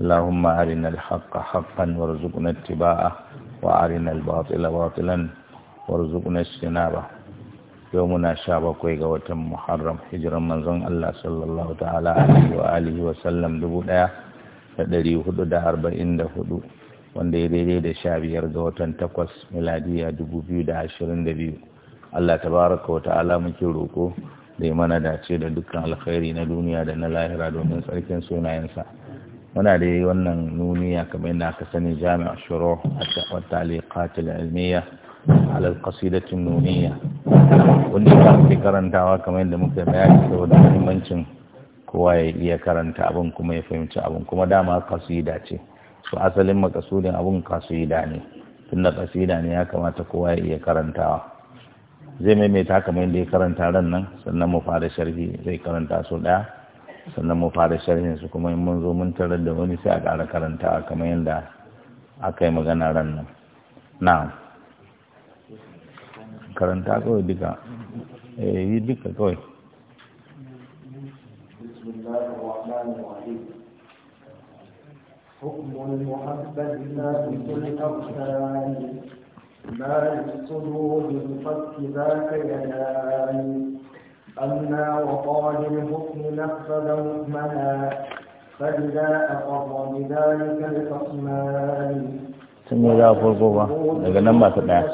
اللهم أرنا الحق حقا وارزقنا اتباعه وأرنا الباطل باطلا وارزقنا اجتنابه يومنا شابك ويقوة محرم حجر منزون الله صلى الله تعالى عليه وآله وسلم دبودا فدري هدو دا أربعين دا هدو wanda ya daidai da sha biyar ga watan takwas miladiya dubu biyu da ashirin da biyu Allah tabaraka wa ta'ala muke roƙo da ya mana dace da dukkan alkhairi na duniya da na lahira domin tsarkin sunayensa. muna da wannan nuniya kamar yadda aka sani jami'a shiro a taliqat al-ilmiya ala al-qasidah nuniya. wanda ya fi karantawa kamar yadda muka bayani da muhimmancin kowa ya iya karanta abin kuma ya fahimci abin kuma dama kasida ce su asalin makasudin abin kasida ne tunda ƙasida ne ya kamata kowa ya iya karantawa zai maimaita kamar yadda ya karanta ran nan sannan mu fara sharhi zai karanta su ɗaya? sannan mu fara sharhin su kuma in mun zo mun tarar da wani sai a ƙara karanta kamar yadda aka yi magana ran nan na karanta kawai duka eh yi duka kawai حكم المحبة في الأركان ما للصدور الفتك ذاك ينال أما وقال الحكم نفذ حكمها فإذا أقر بذلك الخصمان sun yi za farko ba daga nan ba ta ɗaya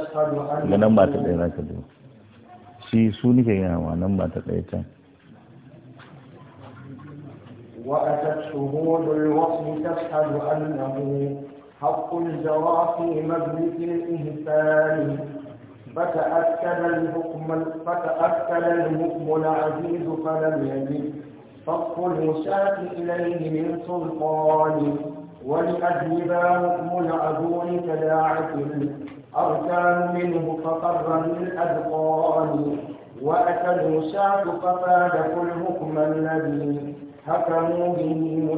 daga nan ba ta ɗaya za ka shi su nike gina nan ba ta ɗaya can وأتت شهود الوصف تشهد أنه حق الجواب في مبلغ الإهسان فتأكد الحكم فتأكد الحكم العزيز فلم يجد فق المشاة إليه من سلطان ولأجلبا حكم العدول تداعت أركان منه فقر للأذقان وأتى المشاة ففاد كل حكم الذي حكموا به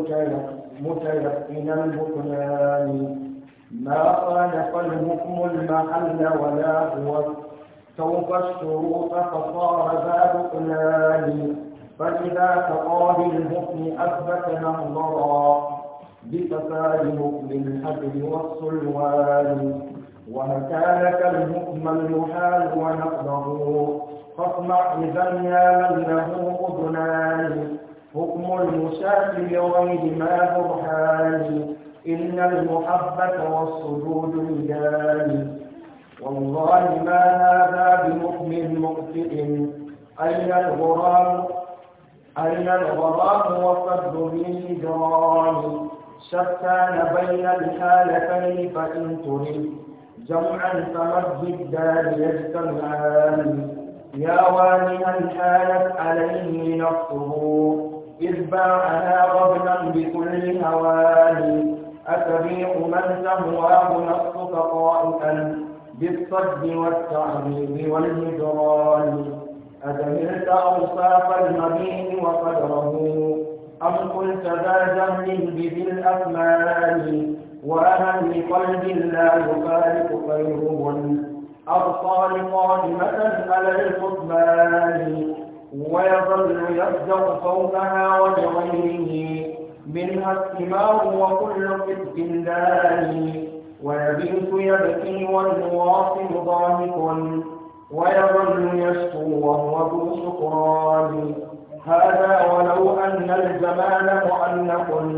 متيقنا البطلان ما خالق الحكم المحل ولا هو سوف الشروط فصار ذا بطلان فإذا تقاضي الحكم أثبت نظرا بفساد حكم الحبل والصلوان ومكانك كالحكم المحال ونقضه فاصنع إذا يا من له أذنان حكم المشاكل غير ما برهان إن المحبة والصدود لله والله ما هذا بمؤمن مؤتئ أين الغرام أين الغرام وقد به جرام شتان بين الحالتين فإن ترد جمعا فمد الدار يجتمعان يا وانها حالت عليه نفسه إذ باعها غبنا بكل هوان أتبيع من تهواه نفسك طائفا بالصد والتعذيب والهجران أدمرت أوصاف المبيت وقدره أم قلت ذا جهل بذي الأكمال وأنا بقلب لا يفارق خيره أبقى قادمة على الكتمان ويظل يفجر فوقها وبغيره منها الثمار وكل حزب داني ويبيت يبكي والمواصل ضاحك ويظل يشكو وهو ذو شكران هذا ولو أن الزمان مؤنق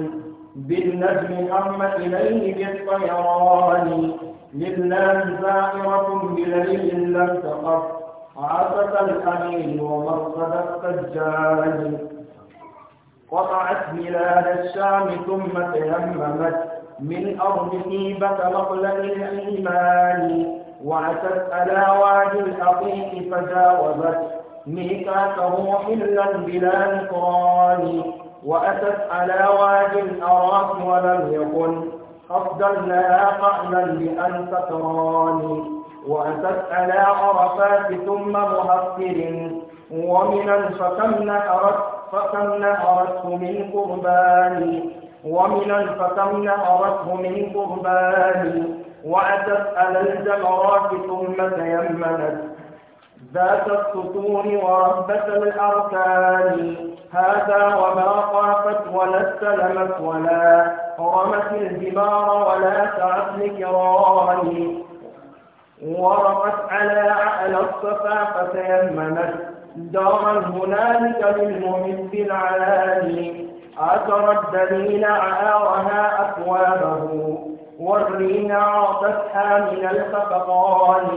بالنجم هم إليه بالطيران لله زائرة بليل لم تقف عطف الحميد ومرصد السجاد قطعت بلاد الشام ثم تيممت من أرض طيبة مقلة الإيمان وأتت على وادي الحقيق فجاوزت ميقاته حلا بلا نكران وأتت على وادي الأراك ولم يكن قصدا لها قعدا بأن تكران وأتت على عرفات ثم مهفر ومن فكم نكرت فكم نهرته من قربان ومن الفكم نهرته من قربان وأتت على الجمرات ثم تيمنت ذات السطور وربة الأركان هذا وما خافت ولا استلمت ولا رمت الجبار ولا سعت لكرامه ورقت على أعلى الصفا فتيمنت دارا هنالك للمحب محب العالي أترى الدليل عارها أكوابه والرين عرفتها من الخفقان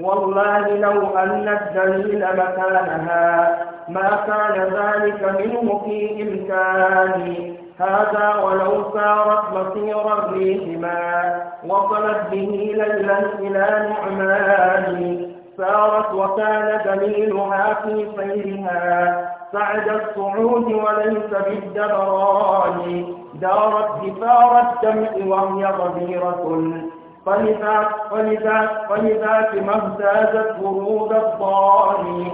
والله لو أن الدليل مكانها ما كان ذلك منه في إمكاني هذا ولو سارت مسير الريح ما وصلت به ليلا إلى نعمان سارت وكان دليلها في سيرها سعد الصعود وليس بالدبران دارت دفار الدمع وهي غبيرة فلذا فلذا فلذاك ما اهتازت ورود الضال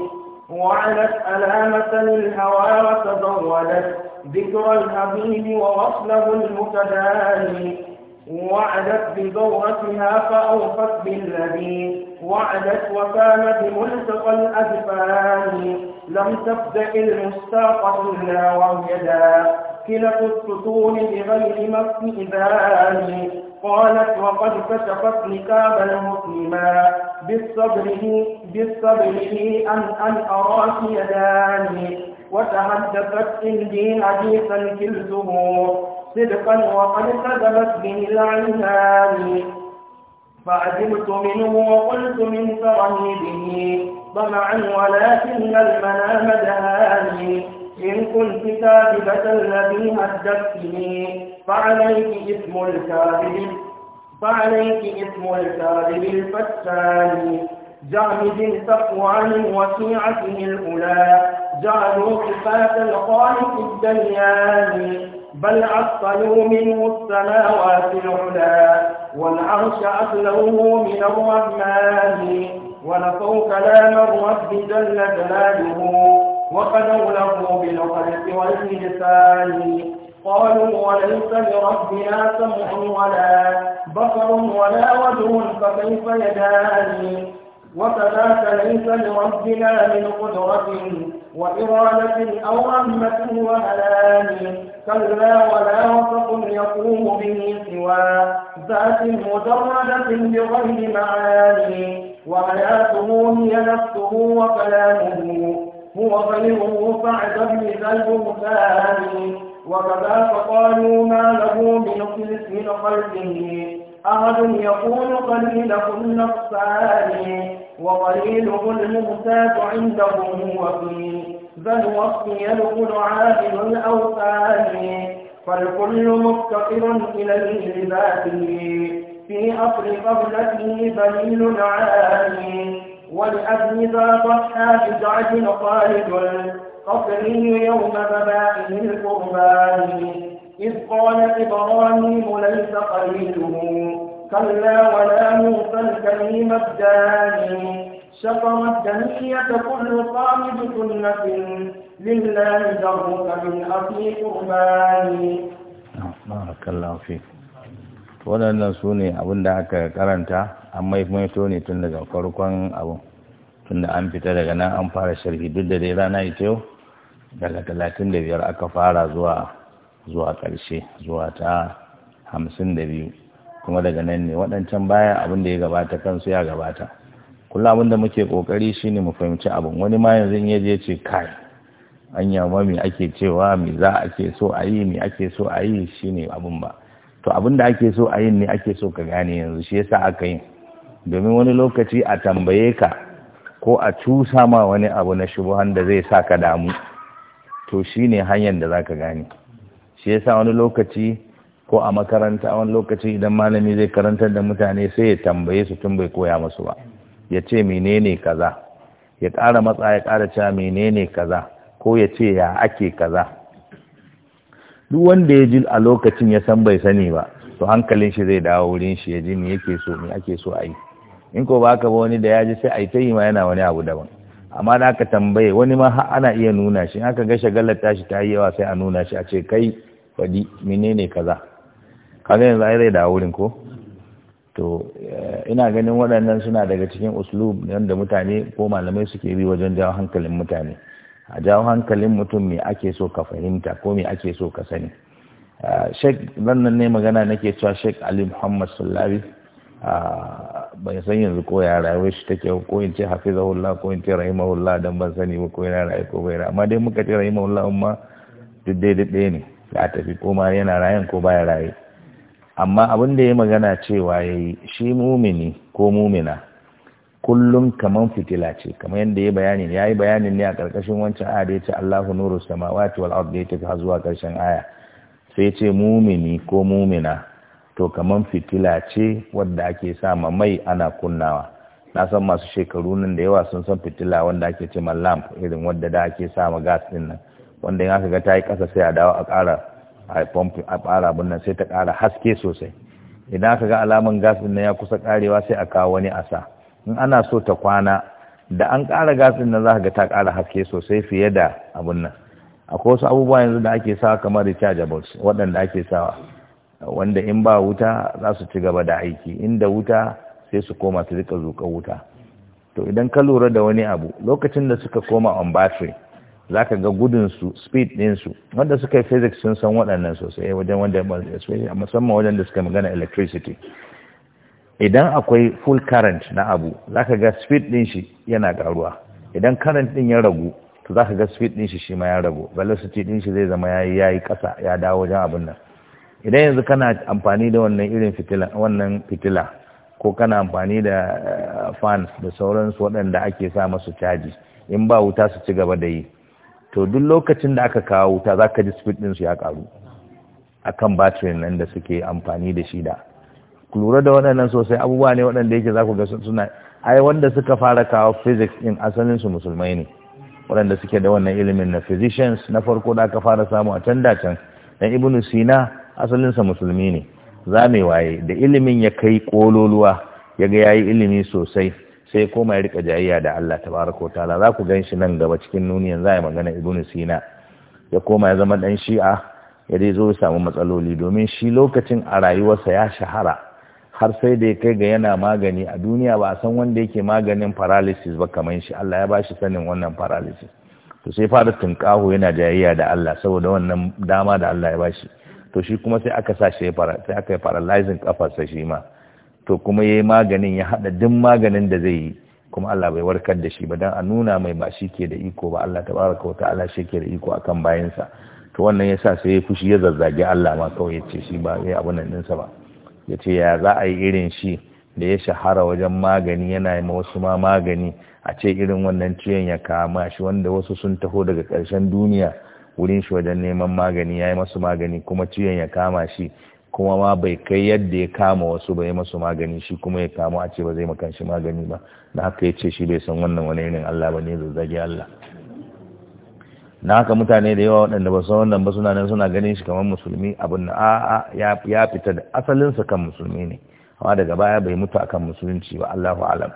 وعلت ألامة للهوى وتزولت ذكر الحبيب ووصله المتداني وعدت بزورتها فأوفت بالذي وعدت وكان بملتقى الأجفان لم تبدأ المستاقة إلا وهيدا كلة السطون بغير مكتبان قالت وقد كشفت نكاب المسلما بالصبره بالصبره أن أن أراك يدان وتحدثت عندي حديثا كلته صدقا وقد كذبت به العينان فعجبت منه وقلت من ترني به ضمعا ولكن المنام دهاني إن كنت كاذبة الذي هدفتني فعليك اسم الكاذب فعليك اسم الكاذب الفتان جامد تقوان وشيعته الأولى جعلوا صفات الخالق الديان بل أصلوا منه السماوات العلا والعرش أصلوه من الرحمن ونفوا كلام الرب جل جلاله له بالخلق والإنسان قالوا وليس لربنا سمع ولا بصر ولا وجه فكيف يداني وفلا ليس لربنا من قدرة وإرادة أو رحمة وهلام كلا ولا وسط يقوم به سوى ذات مجردة بغير معاني وحياته هي نفسه وكلامه هو غيره فاعذب ذا البهتان وكذاك فقالوا ما له من خلقه أحد يقول قليلكم نقصان وقليلهم المهتاج عندهم هو بل وفي يلغل عالم الاوثان فالكل مفتقر الى لذاته في أصل قبلته بليل عالي والأبن ذا ضحى بزعج طالب قصري يوم ذبائه القربان إذ قال إبراهيم ليس قليله كلا ولا موسى الكريم الداني شطرت دنية كل صامد كلة لله درك من أخي قرباني بارك الله فيك waɗannan su ne abin da aka karanta an maimaito ne tun daga farkon abu tun da an fita daga nan an fara sharhi duk da dai rana ita yau daga talatin da biyar aka fara zuwa zuwa ƙarshe zuwa ta hamsin da biyu kuma daga nan ne waɗancan baya abin da ya gabata kansu ya gabata Kula abin da muke kokari shine mu fahimci abin wani ma yanzu in yaje ce kai an yamma me ake cewa me za a ke so a yi me ake so a yi shine abin ba to abin da ake so a yin ne ake so ka gane yanzu shi yasa aka yi domin wani lokaci a tambaye ka ko a cusa ma wani abu na shubuhan da zai sa ka damu to shine hanyar da za ka gane shi yasa wani lokaci ko a makaranta wani lokaci idan malami zai karantar da mutane sai ya tambaye su tun bai koya masu ba ya ce menene kaza ya ƙara matsa ya ƙara cewa menene kaza ko ya ce ya ake kaza duk wanda ya ji a lokacin ya san bai sani ba to hankalin shi zai dawo wurin shi ya ji me yake so me ake so a yi in ko ba ba wani da ya ji sai a yi ta yi ma yana wani abu daban amma da aka tambaye wani ma ana iya nuna shi in aka ga shagalar tashi ta yi yawa sai a nuna shi a ce kai fadi menene kaza kaga yanzu ai zai da wurin ko to eh, ina ganin waɗannan suna daga cikin uslub yadda mutane ko malamai suke bi wajen jawo hankalin mutane a jawo hankalin mutum me ake so ka fahimta ko me ake so ka sani shek nan ne magana nake cewa shek ali muhammad sallabi ban san yanzu ko ya rayuwar shi take ko in ce hafizahullah ko in ce rahimahullah dan ban sani ba ko yana rayu ko bai amma dai muka ce rahimahullah amma duk dai duk ne za a tafi ko ma yana rayan ko baya rayu amma abin da ya magana cewa ya yi shi mumini ko mumina kullum kaman fitila ce kamar yadda ya bayani ya yi bayanin ne a ƙarƙashin wancan aya da ya ce Allahu nuru samawati wal ardi ta tafi zuwa ƙarshen aya sai ce mumini ko mumina to kaman fitila ce wadda ake sa ma mai ana kunnawa na san masu shekaru nan da yawa sun san fitila wanda ake ce ma irin wadda da ake sa gas din nan wanda in aka ga ta yi ƙasa sai a dawo a ƙara a pomp a ƙara abin nan sai ta ƙara haske sosai idan aka ga alaman gas ɗin ya kusa ƙarewa sai a kawo wani asa in ana so ta kwana da an ƙara gas ɗin nan za ka ga ta ƙara haske sosai fiye da abin nan akwai wasu abubuwa yanzu da ake sawa kamar rechargeables waɗanda ake sawa wanda in ba wuta za su ci gaba da aiki inda wuta sai su koma su rika zuƙa wuta to idan ka lura da wani abu lokacin da suka koma on battery za ka ga gudunsu speed ɗinsu wanda suka yi physics sun san waɗannan sosai wajen wanda ya musamman wajen da suka magana electricity idan akwai full current na abu za ka ga speed ɗin shi yana ƙaruwa idan current ɗin ya ragu to za ka ga speed ɗin shi shi ma ya ragu velocity din shi zai zama ya yi kasa, ya dawo wajen abin nan idan yanzu kana amfani da wannan irin fitila wannan fitila ko kana amfani da eh, fans da sauransu waɗanda ake sa masu caji in ba wuta su ci gaba da yi to duk lokacin da aka kawo wuta za ka ji speed ɗinsu ya ƙaru A akan batirin nan da suke amfani da shi da lura da waɗannan sosai abubuwa ne waɗanda yake za ku ga suna ai wanda suka fara kawo physics ɗin asalin su musulmai ne waɗanda suke da wannan ilimin na physicians na farko da aka fara samu a can da can dan ibnu sina asalinsa musulmi ne za mai waye da ilimin ya kai kololuwa ya ga yayi ilimi sosai sai koma ya rika jayayya da Allah ta wa ta'ala za ku gan shi nan gaba cikin nuni yanzu a magana ibnu sina ya koma ya zama dan shi'a ya dai zo ya samu matsaloli domin shi lokacin a rayuwarsa ya shahara har sai da ya kai ga yana magani a duniya ba a san wanda yake maganin paralysis ba kamar shi Allah ya bashi sanin wannan paralysis to sai fara tunƙaho yana jayayya da Allah saboda wannan dama da Allah ya bashi to shi kuma sai aka sa shi sai aka yi paralyzing kafarsa shi ma to kuma yayi maganin ya haɗa duk maganin da zai yi kuma Allah bai warkar da shi ba dan a nuna mai ba shi ke da iko ba Allah tabaraka wa ta'ala shi ke da iko akan bayansa to wannan yasa sai ya fushi ya zazzage Allah ma kawai ya ce shi ba ya abu nan ɗinsa ba ya ce ya za a yi irin shi da ya shahara wajen magani yana ma wasu ma magani a ce irin wannan ciwon ya kama shi wanda wasu sun taho daga ƙarshen duniya wurin shi wajen neman magani ya yi masu magani kuma ciwon ya kama shi kuma ma bai kai yadda ya kama wasu ba ya masu magani shi kuma ya kamu a ce ba zai makanshi magani ba na haka ya ce shi bai san wannan wani irin Allah ba ne zazzage Allah na haka mutane da yawa waɗanda ba san wannan ba suna nan suna ganin shi kamar musulmi abin na a ya fita da asalinsa kan musulmi ne amma daga baya bai mutu akan musulunci ba Allahu alam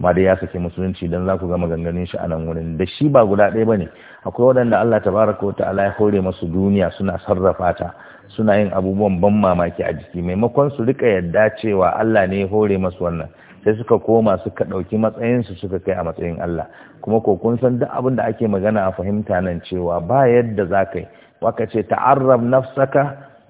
ma dai ya sake musulunci don za ku ga maganganun shi a nan wurin da shi ba guda ɗaya ba ne. akwai waɗanda Allah tabaraka wa ta'ala ya hore masu duniya suna sarrafa ta suna yin abubuwan ban mamaki a jiki maimakon su rika yadda cewa Allah ne ya hore masu wannan sai suka koma suka ɗauki matsayinsu suka kai a matsayin Allah kuma ko kun san duk abin da ake magana a fahimta nan cewa ba yadda za ka yi waka ce ta'arraf nafsaka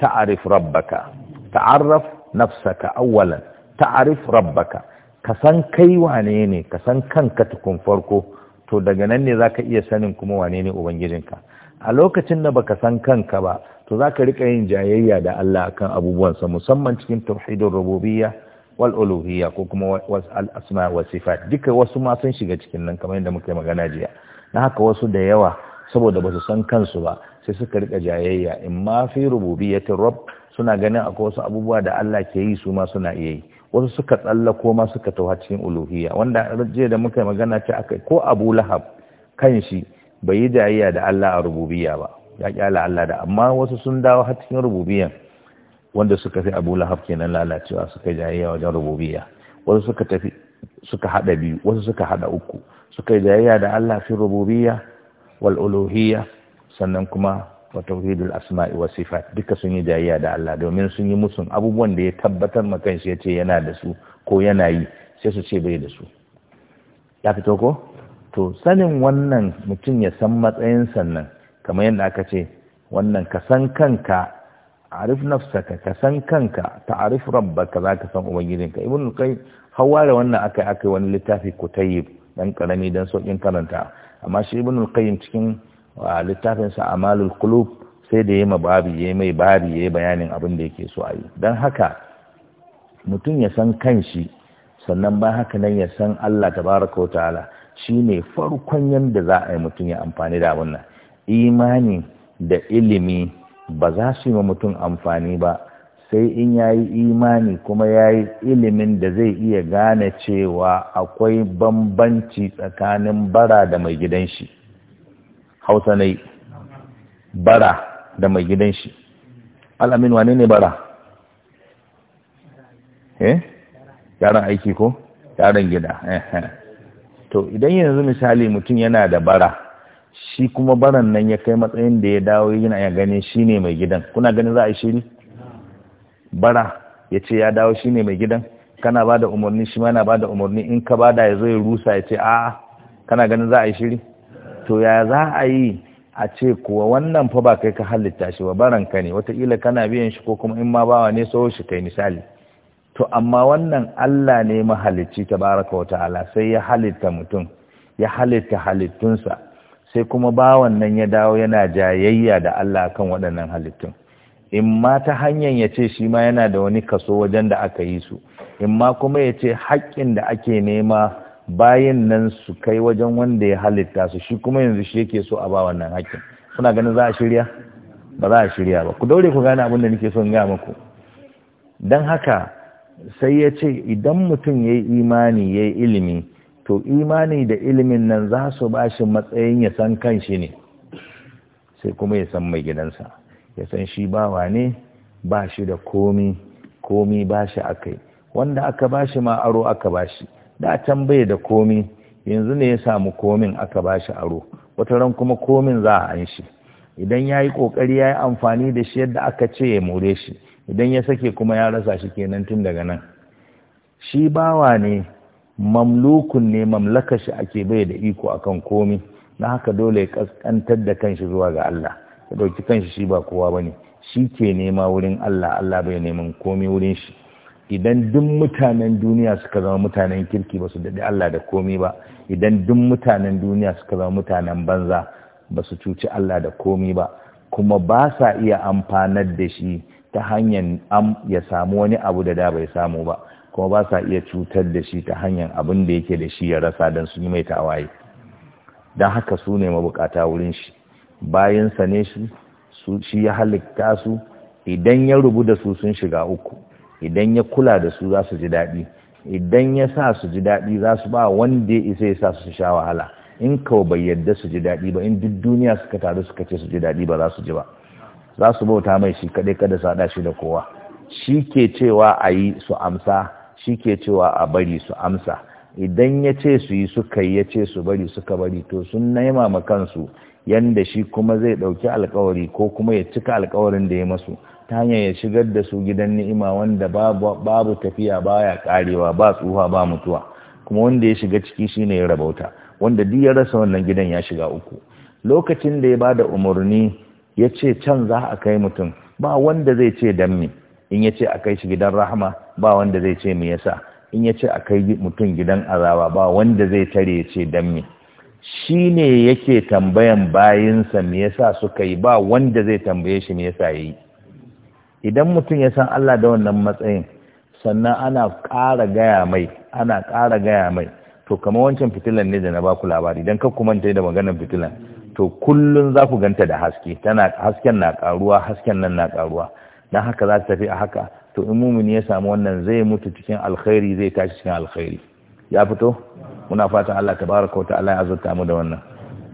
ta'arif rabbaka ta'arraf nafsaka awwalan ta'arif rabbaka ka san kai wane ne ka san kanka tukun farko to daga nan ne zaka iya sanin kuma wane ne ubangijinka a lokacin da baka san kanka ba to zaka rika yin jayayya da Allah akan abubuwansa musamman cikin tauhidur rububiyya wal uluhiyya ko kuma al asma wa sifat duka wasu ma sun shiga cikin nan kamar yadda muke magana jiya na haka wasu da yawa saboda basu san kansu ba sai suka rika jayayya in ma fi rububiyyatir rabb suna ganin akwai wasu abubuwa da Allah ke yi su ma suna iya yi wasu suka tsallako ma suka tawa cikin uluhiyya wanda jiya da muka magana ce akai ko Abu Lahab kanshi bai yi jayayya da Allah a rububiyya ba ya kyala Allah da amma wasu sun dawo har cikin rububiyya wanda suka fi Abu Lahab kenan lalacewa suka jayayya wajen rububiyya wasu suka tafi suka hada biyu wasu suka hada uku suka jayayya da Allah fi rububiyya wal uluhiyya sannan kuma wa tauhidul asma'i wa sifat duka sun yi jayayya da Allah domin sun yi musun abubuwan da ya tabbatar ma kanshi ya ce yana da su ko yana yi sai su ce bai da su ya fito ko to sanin wannan mutum ya san matsayin sannan kamar yadda aka ce wannan ka san kanka arif nafsaka ka san kanka ta'arif rabbaka za ka san ubangijinka ibn kai hawara wannan akai akai wani littafi kutayib dan karami dan saukin karanta amma shi ibn qayyim cikin a littafinsa amalul kulub sai da ya ma babi ya mai babi ya bayanin abin da yake so a yi don haka mutum ya san kanshi sannan ba haka nan ya san Allah Ta wa ta'ala shi farkon yadda za a yi mutum ya amfani da wannan imani da ilimi ba za su yi ma mutum amfani ba sai in ya yi imani kuma ya yi ilimin da zai iya gane cewa akwai bambanci tsakanin bara da mai gidan shi hausa na yi bara da mai gidan shi al'amin wane ne bara eh yaran aiki ko yaran gida to idan yanzu misali mutum yana da bara shi kuma baran nan ya kai matsayin da ya dawo yana ya gane shi ne mai gidan kuna ganin za a yi shiri bara ya ce ya dawo shi ne mai gidan kana ba da umarni shi ma yana ba da umarni in ka ba da ya zo ya rusa ya ce a kana ganin za a yi shiri to ya za a yi a ce kuwa wannan fa ba kai ka halitta shi ba ka ne watakila kana biyan shi ko kuma in ma bawa ne so shi kai misali to amma wannan Allah ne mahalicci ta baraka wa ta'ala sai ya halitta mutum ya halitta halittunsa sai kuma bawan nan ya dawo yana jayayya da Allah kan waɗannan halittun in ma ta hanyar ya ce shi ma yana da wani kaso wajen da aka yi su in ma kuma ya ce haƙƙin da ake nema bayan nan su kai wajen wanda ya halitta su shi kuma yanzu shi yake so a ba wannan hakkin suna ganin za a shirya ba za a shirya ba ku daure ku gane abin da nake son gaya muku dan haka sai ya ce idan mutum ya yi imani ya yi ilimi to imani da ilimin nan za su ba shi matsayin ya san kan shi ne sai kuma ya san mai gidansa ya san shi bawa ne ba shi da komi komi ba shi a kai wanda aka ba shi ma aro aka ba shi da can bai da komi yanzu ne ya samu komin aka ba shi aro wata ran kuma komin za a an shi idan ya yi ƙoƙari ya yi amfani da shi yadda aka ce ya more shi idan ya sake kuma ya rasa shi kenan tun daga nan shi bawa ne mamlukun ne mamlaka shi ake bai da iko akan komi na haka dole ya kaskantar da kanshi zuwa ga Allah ya ɗauki kanshi shi ba kowa ba ne shi ke nema wurin Allah Allah bai neman komi wurin shi idan duk mutanen duniya suka zama mutanen kirki ba su daɗi Allah da komi ba idan duk mutanen duniya suka zama mutanen banza ba su cuci Allah da komi ba kuma ba sa iya amfanar da shi ta hanyar ya samu wani abu da da bai samu ba kuma ba sa iya cutar da shi ta hanyar abin da yake da shi ya rasa don su yi mai tawaye don haka su ne mabukata wurin shi bayansa ne shi shi ya halitta su idan ya rubu da su sun shiga uku idan ya kula da su za su ji daɗi idan ya sa su ji daɗi za su ba wanda ya isa ya sa su sha wahala in kawo bai yadda su ji daɗi ba in duk duniya suka taru suka ce su ji daɗi ba za su ji ba za su bauta mai shi kaɗai kada su haɗa shi da kowa shi ke cewa a yi su amsa shi ke cewa a bari su amsa idan ya ce su yi suka yi ya ce su bari suka bari to sun naima ma kansu yanda shi kuma zai ɗauki alkawari ko kuma ya cika alkawarin da ya masu ta hanyar ya shigar da su gidan ni'ima wanda babu tafiya baya karewa ba tsufa ba mutuwa kuma wanda ya shiga ciki shine ya rabauta wanda duk ya rasa wannan gidan ya shiga uku lokacin da ya bada umarni ya ce can za a kai mutum ba wanda zai ce dan me in ya ce a kai shi gidan rahama ba wanda zai ce me yasa in ya ce a kai mutum gidan azaba ba wanda zai tare ya ce dan me shi ne yake tambayan bayinsa me yasa suka yi ba wanda zai tambaye shi me yasa yayi idan mutum ya san Allah da wannan matsayin sannan ana ƙara gaya mai ana ƙara gaya mai to kamar wancan fitilan ne da na baku labari don kar ku manta da maganar fitilan to kullun za ku ganta da haske tana hasken na ƙaruwa hasken nan na ƙaruwa don haka za ta tafi a haka to in mumini ya samu wannan zai mutu cikin alkhairi zai tashi cikin alkhairi ya fito muna fatan Allah tabaraka wa ta'ala ya azurta mu da wannan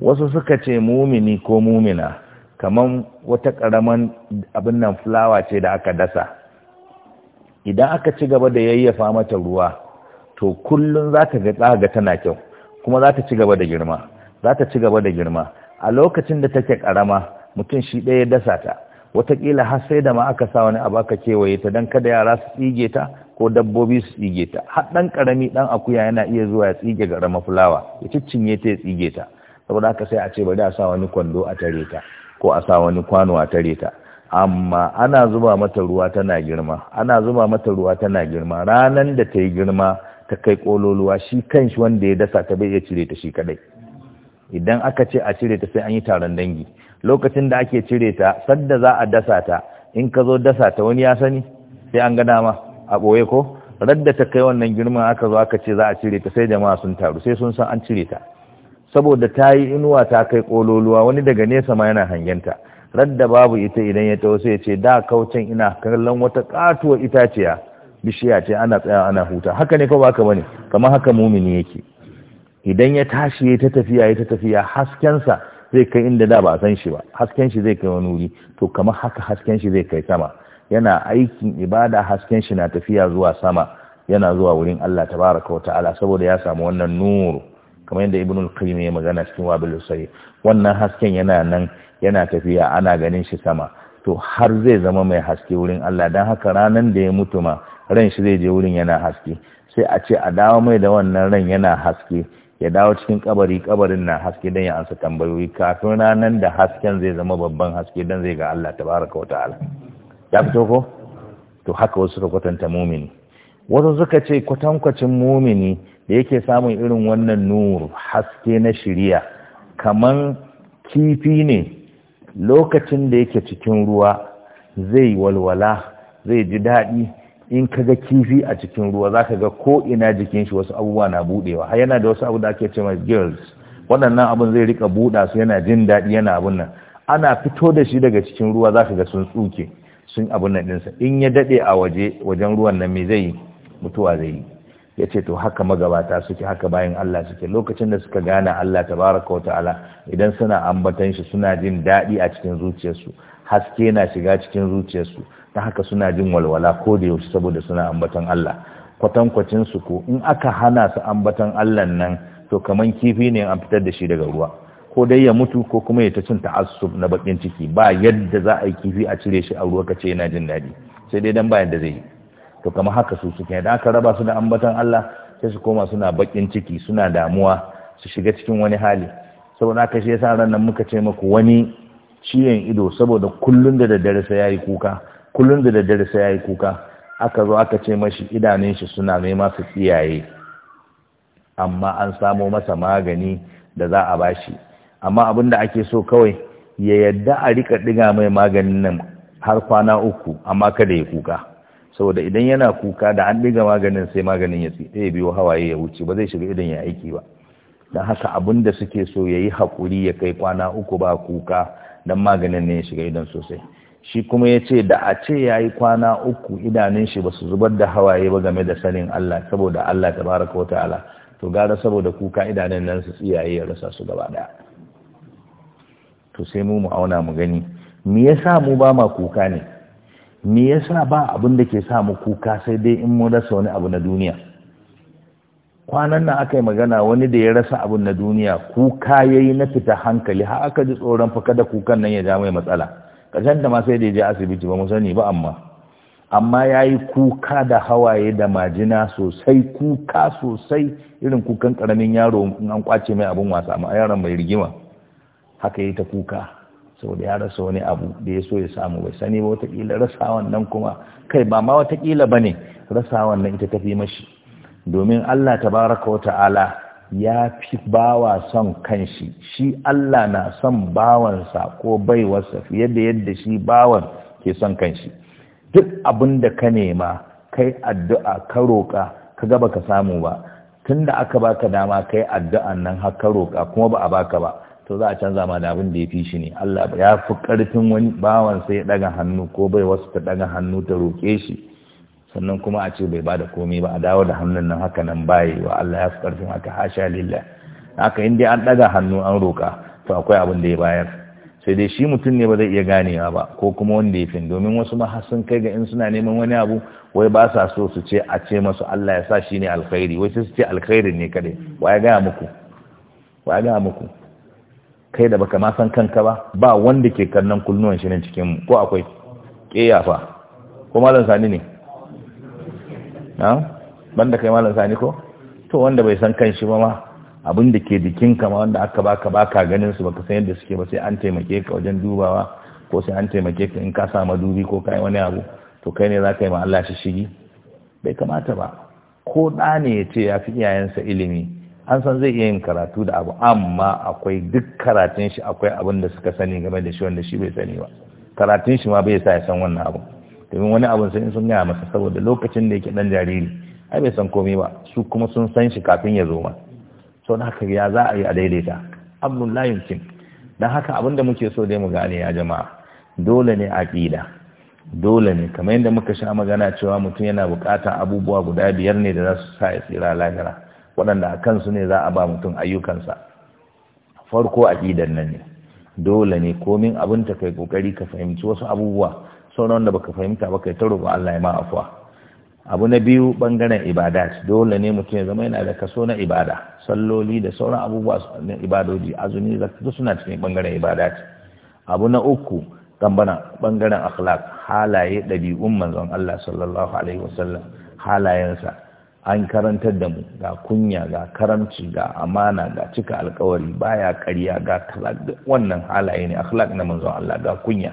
wasu suka ce mumini ko mumina kaman wata ƙaraman abin nan fulawa ce da aka dasa idan aka ci gaba da yayyafa mata ruwa to kullum za ta ga tana kyau kuma za ta ci gaba da girma za ta ci gaba da girma a lokacin da take ƙarama mutum shi ɗaya dasa ta wataƙila har sai da ma aka sa wani abu aka kewaye ta don kada yara su tsige ta ko dabbobi su tsige ta har ɗan ƙarami ɗan akuya yana iya zuwa ya tsige ƙarama fulawa ya ciccinye ta ya tsige ta saboda haka sai a ce bari a sa wani kwando a tare ta ko a sa wani kwano a tare ta amma ana zuba mata ruwa tana girma ana zuba mata ruwa tana girma ranan da ta yi girma ta kai kololuwa shi kanshi wanda ya dasa ta bai iya cire ta shi kadai idan aka ce a cire ta sai an yi taron dangi lokacin da ake cire ta sadda za a dasa ta in ka zo dasa ta wani ya sani sai an ga dama a ɓoye ko radda ta kai wannan girman aka zo aka ce za a cire ta sai jama'a sun taru sai sun san an cire ta saboda ta yi inuwa ta kai kololuwa wani daga nesa ma yana hangenta radda babu ita idan ya taho sai ya ce da kaucen ina kallon wata katuwar itaciya bishiya ce ana tsaya ana huta haka ne ko haka bane kamar haka mumini yake idan ya tashi ya ta tafiya ya ta tafiya haskensa zai kai inda da ba a san shi ba hasken shi zai kai wani wuri to kamar haka hasken shi zai kai sama yana aikin ibada hasken shi na tafiya zuwa sama yana zuwa wurin Allah tabaraka wa ta'ala saboda ya samu wannan nuru kamar yadda ibn al-qayyim ya magana cikin wabil usay wannan hasken yana nan yana tafiya ana ganin shi sama to har zai zama mai haske wurin Allah dan haka ranan da ya mutu ma ran shi zai je wurin yana haske sai a ce a dawo mai da wannan ran yana haske ya dawo cikin kabari kabarin na haske dan ya ansa tambayoyi kafin ranan da hasken zai zama babban haske dan zai ga Allah tabaraka wataala ya fito ko to haka wasu suka kwatanta mumini wasu suka ce kwatankwacin mumini da yake samun irin wannan nur haske na shirya kaman kifi ne lokacin da yake cikin ruwa zai walwala zai ji daɗi in ka ga kifi a cikin ruwa za ka ga ko'ina jikin shi wasu abubuwa na buɗewa har yana da wasu abu da ake ce mai girls waɗannan abin zai rika buɗa su yana jin daɗi yana abin nan ana fito da shi daga cikin ruwa za ka ga sun tsuke sun abin nan ɗinsa in ya daɗe a waje wajen ruwan nan me zai mutuwa zai yi ya ce to haka magabata suke haka bayan Allah suke lokacin da suka gane Allah tabaraka wa ta'ala idan suna ambatan shi suna jin daɗi a cikin zuciyarsu haske na shiga cikin zuciyarsu ta haka suna jin walwala ko da yaushe saboda suna ambatan Allah kwatankwacin su ko in aka hana su ambatan Allah nan to kaman kifi ne an fitar da shi daga ruwa ko dai ya mutu ko kuma ya ta cin ta'assub na bakin ciki ba yadda za a yi kifi a cire shi a ruwa kace yana jin daɗi sai dai dan ba da zai yi to kamar haka su suke da aka raba su da ambatan Allah sai su koma suna bakin ciki suna damuwa su shiga cikin wani hali saboda haka shi yasa ran nan muka ce maku wani ciyen ido saboda kullun da daddare sai yayi kuka kullun da daddare sai yayi kuka aka zo aka ce mashi idanun shi suna nema su tsiyaye amma an samo masa magani da za a bashi amma abin da ake so kawai ya yadda a rika diga mai maganin nan har kwana uku amma kada ya kuka saboda idan yana kuka da an ɗiga maganin sai maganin ya tsita ya biyo hawaye ya wuce ba zai shiga idan ya aiki ba don haka abin da suke so ya yi haƙuri ya kai kwana uku ba kuka don maganin ne ya shiga idan sosai shi kuma ya ce da a ce ya yi kwana uku idanun shi ba su zubar da hawaye ba game da sanin Allah saboda Allah ta bara ko ta'ala to gara saboda kuka idanun nan su tsiyaye ya rasa su gaba daya to sai mu mu auna mu gani me yasa mu ba ma kuka ne me yasa ba abin da ke samu kuka sai dai in mun rasa wani abu na duniya kwanan nan aka yi magana wani da ya rasa abin na duniya kuka yayi na fita hankali har aka ji tsoron fuka da kukan nan ya ja mai matsala ƙarshen da ma sai da ya je asibiti ba mu sani ba amma amma ya yi kuka da hawaye da majina sosai kuka sosai irin kukan ƙaramin yaro in an kwace mai abin wasa amma yaron mai rigima haka yi ta kuka da ya rasa wani abu da ya so ya samu bai sani ba watakila rasa nan kuma kai ba ma watakila ba ne rasa nan ita tafi mashi domin Allah Ta baraka wata'ala ya fi bawa son kanshi shi Allah na son bawansa ko baiwarsa fiye da yadda shi bawan ke son kanshi duk abin da ka nema kai addu'a ka roƙa ka gaba ka samu ba tunda aka baka dama kai addu'an nan har ka roƙa kuma ba a baka ba to za a canza ma da abin da ya fi shi ne Allah ya fi ƙarfin wani bawan sai ya daga hannu ko bai wasu ta daga hannu ta roƙe shi sannan kuma a ce bai ba da komai ba a dawo da hannun nan haka nan bayi wa Allah ya fi ƙarfin haka hasha lillah haka in dai an ɗaga hannu an roƙa to akwai abin da ya bayar sai dai shi mutum ne ba zai iya ganewa ba ko kuma wanda ya fi. domin wasu ma sun kai ga in suna neman wani abu wai ba sa so su ce a ce masu Allah ya sa shi ne alkhairi wai sai su ce alkhairi ne kadai wa ya gaya muku wa ya gaya muku kai da baka ma san kanka ba ba wanda ke kannan kunnuwan shi nan cikin mu ko akwai keya ko malam sani ne na banda kai malam sani ko to wanda bai san kanshi ba ma abin da ke dikin ka ma wanda aka baka baka ganin su baka san yadda suke ba sai an taimake ka wajen dubawa ko sai an taimake ka in ka sa madubi ko kai wani abu to kai ne za ka yi ma Allah shi shigi bai kamata ba ko ɗa ne ya ce ya fi iyayensa ilimi an san zai iya yin karatu da abu amma akwai duk karatun shi akwai abin da suka sani game da shi wanda shi bai sani ba karatun shi ma bai sa ya san wannan abu domin wani abun sai in sun gaya masa saboda lokacin da yake dan jariri ai bai san komai ba su kuma sun san shi kafin ya zo ma so na haka ya za a yi a daidaita Abdullahi, la yumkin dan haka abin da muke so dai mu gane ya jama'a dole ne aqida dole ne kamar yadda muka sha magana cewa mutum yana bukatar abubuwa guda biyar ne da za su sa ya tsira lahira waɗanda a kansu ne za a ba mutum ayyukansa farko a ƙidan nan ne dole ne komin abin ta kai ƙoƙari ka fahimci wasu abubuwa sauran da baka fahimta ba kai ta roƙo Allah ya ma abu na biyu ɓangaren ibada dole ne mutum ya zama yana da kaso na ibada salloli da sauran abubuwa na ibadoji azumi zakatu suna cikin ɓangaren ibada abu na uku gambana ɓangaren akhlaq halaye ɗabi'un manzon Allah sallallahu alaihi wasallam halayensa an karantar da mu ga kunya ga karamci ga amana ga cika alkawari baya ƙarya ga wannan halaye ne akhlaq na manzon Allah ga kunya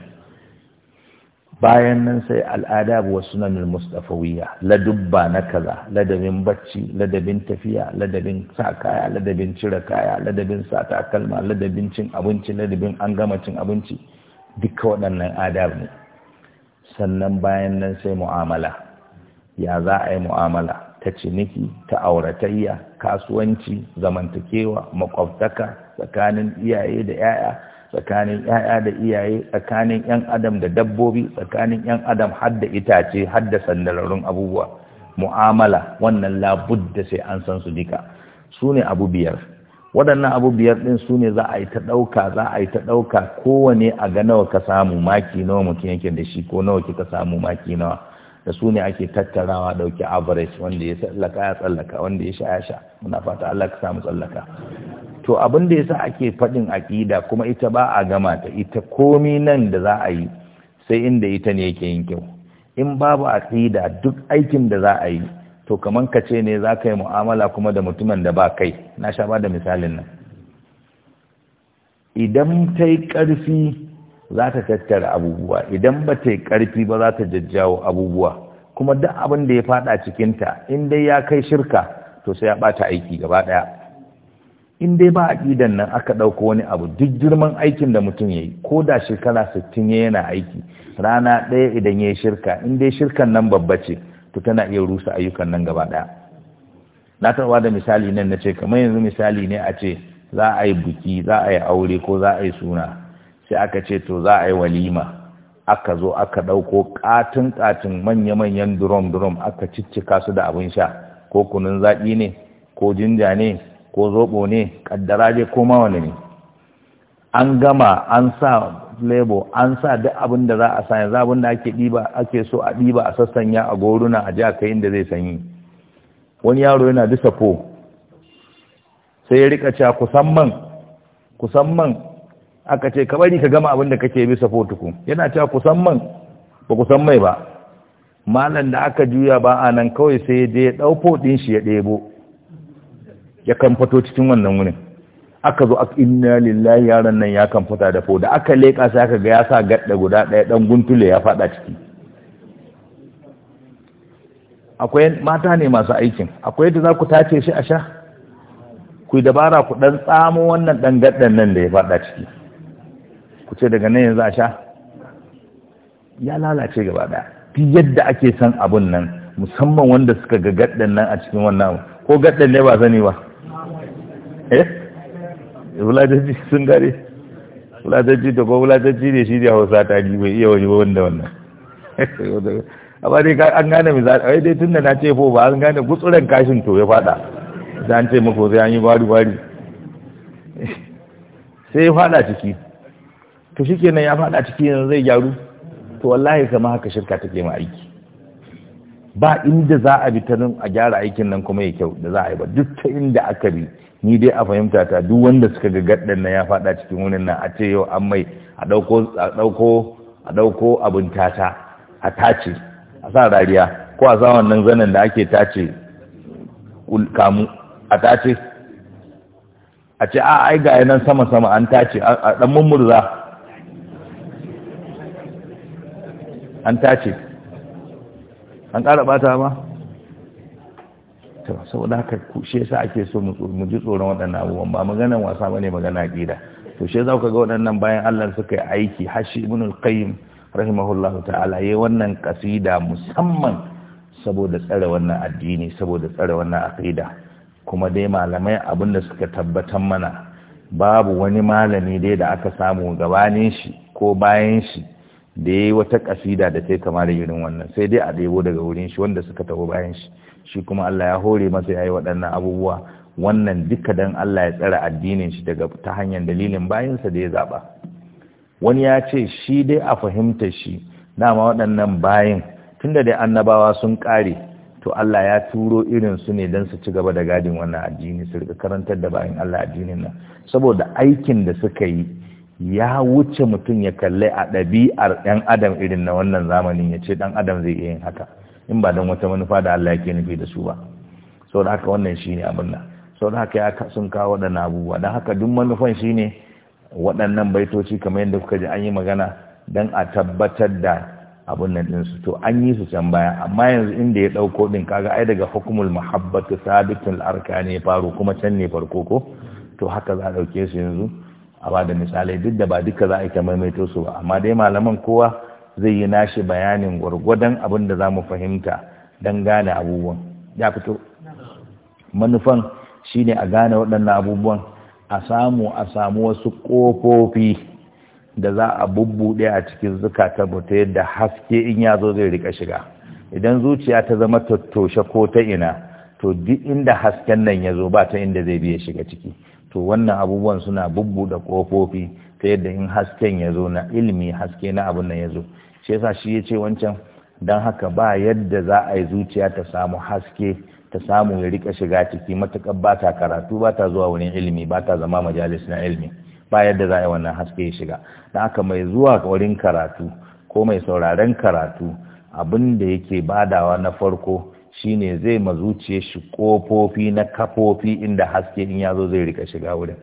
bayan nan sai al'adab wa sunanul mustafawiyya ladubba na kaza ladabin bacci ladabin tafiya ladabin sa kaya ladabin cire kaya ladabin sa takalma ladabin cin abinci ladabin an gama cin abinci duka waɗannan adab ne sannan bayan nan sai mu'amala ya za a yi mu'amala ta ciniki ta auratayya kasuwanci zamantakewa makwabtaka tsakanin iyaye da 'ya'ya tsakanin 'ya'ya da iyaye tsakanin 'yan adam da dabbobi tsakanin 'yan adam har da itace har da sandararrun abubuwa mu'amala wannan da sai an san su duka su ne abu biyar waɗannan abu biyar ɗin sune ne za a yi ta ɗauka za a yi ta ɗauka kowane a ga nawa ka samu maki nawa mutum yake da shi ko nawa kika samu maki nawa da su ne ake tattarawa ɗauki average wanda ya tsallaka ya tsallaka wanda ya sha ya sha muna fata Allah ka samu tsallaka to abin da yasa ake faɗin aƙida kuma ita ba a gama ta ita komi nan da za a yi sai inda ita ne yake yin kyau in babu aqida duk aikin da za a yi to kaman ka ce ne za ka yi mu'amala kuma da mutumin da ba kai na sha ba da misalin nan idan ta yi ƙarfi za ta tattara abubuwa idan ba ta yi ƙarfi ba za ta jajjawo abubuwa kuma duk abin da ya fada cikinta in dai ya kai shirka to sai ya ɓata aiki gaba ɗaya in dai ba aƙidan nan aka ɗauko wani abu duk girman aikin da mutum ya yi ko da shekara sittin ya yana aiki rana ɗaya idan ya yi shirka in dai shirkan nan babba ce to tana iya rusa ayyukan nan gaba ɗaya na taɓa da misali nan na ce kamar yanzu misali ne a ce za a yi buki za a yi aure ko za a yi suna sai aka ce to za a yi walima aka zo aka ɗauko katin-katin manya-manyan durom-durom aka ciccika su da abin sha ko kunun zaƙi ne ko jinja ne ko zoɓo ne ƙaddara ne ko ma wani ne an gama an sa lebo an sa duk abin da za a sa yanzu abin da ake ɗiba ake so a ɗiba a sassanya a goruna a ja kai inda zai sanyi wani yaro yana disa fo sai ya rika cewa kusan man kusan man aka ce ka bari ka gama abin da kake bisa fotuku yana cewa kusan man ba kusan mai ba malam da aka juya ba a nan kawai sai ya je ya ɗau ɗin shi ya ɗebo ya kan fito cikin wannan wurin aka zo inna lillahi yaron nan ya kan fita da fo da aka leƙa sai aka ga ya sa gadda guda ɗaya ɗan guntule ya faɗa ciki akwai mata ne masu aikin akwai yadda za ku tace shi a sha ku dabara ku ɗan tsamo wannan ɗan gaɗan nan da ya faɗa ciki ku ce daga nan yanzu a sha ya lalace gaba ɗaya duk yadda ake san abun nan musamman wanda suka ga gaddan nan a cikin wannan ko gaddan ne ba sani ba eh wulajaji sun gare wulajaji da ko wulajaji ne shi ne hausa ta ji mai iya wani wanda wannan amma dai an gane misali wai dai tunda na ce fo ba an gane gutsuren kashin to ya fada Za an ce muku sai an yi bari bari sai ya fada ciki to shi kenan ya faɗa ciki yanzu zai gyaru to wallahi kama haka shirka take ma aiki ba inda za a bi ta nan a gyara aikin nan kuma ya kyau da za a yi ba duk ta inda aka bi ni dai a fahimta ta duk wanda suka ga gaddan nan ya faɗa cikin wani nan a ce yau an mai a ɗauko a ɗauko a ɗauko abin tata a tace a sa rariya ko a sa wannan zanen da ake tace kamu a tace a ce a ai ga nan sama sama an tace a ɗan mummurza an tace an ƙara ɓata ba saboda haka kushe yasa ake so mu ji tsoron waɗannan abubuwan ba maganan wasa bane magana ƙida to shi za ku ga waɗannan bayan Allah suka yi aiki hashi ibn al-qayyim rahimahullahu ta'ala yayi wannan kasida musamman saboda tsare wannan addini saboda tsare wannan aqida kuma dai malamai abin suka tabbatar mana babu wani malami dai da aka samu gabanin shi ko bayan shi da ya yi wata kasida da ta kama da irin wannan sai dai a ɗebo daga wurin shi wanda suka taho bayan shi shi kuma Allah ya hore masa ya yi waɗannan abubuwa wannan duka dan Allah ya tsara addinin shi daga ta hanyar dalilin bayansa da ya zaɓa wani ya ce shi dai a fahimta shi dama waɗannan bayan da dai annabawa sun ƙare to Allah ya turo irin su ne don su ci gaba da gadin wannan addini su rika karantar da bayan Allah addinin nan saboda aikin da suka yi ya wuce mutum ya kalle a ɗabi'ar ɗan adam irin na wannan zamanin ya ce ɗan adam zai iya yin haka in ba don wata manufa da Allah yake nufi da su ba sau da haka wannan shi ne abin nan sau da haka ya sun kawo waɗannan abubuwa don haka duk manufan shi ne waɗannan baitoci kamar yadda kuka ji an yi magana don a tabbatar da abin nan ɗinsu to an yi su can baya amma yanzu inda ya ɗauko ɗin kaga ai daga hukumul muhabbatu sabitul arkani ya faro kuma can ne farko ko to haka za a ɗauke su yanzu a ba da misalai duk da ba duka za a ita maimaito su ba amma dai malaman kowa zai yi nashi bayanin gwargwadon abin da za mu fahimta don gane abubuwan ya fito manufan shine a gane waɗannan abubuwan a samu a samu wasu ƙofofi da za a bubbuɗe a cikin zukata ta yadda haske in ya zo zai rika shiga idan zuciya ta zama tattoshe ko ta ina to duk inda hasken nan ya zo ba ta inda zai biya shiga ciki to wannan abubuwan suna da kofofi ta yadda in hasken ya zo na ilimi haske na abin nan ya zo shi yasa shi ya ce wancan don haka ba yadda za a yi zuciya ta samu haske ta samu ya rika shiga ciki matuƙar ba ta karatu ba ta zuwa wurin ilimi ba ta zama majalis na ilimi ba yadda za a yi wannan haske ya shiga don haka mai zuwa wurin karatu ko mai sauraren karatu abin da yake badawa na farko shine zai mazuciye shi kofofi na kafofi inda haske in ya zo zai rika shiga wurin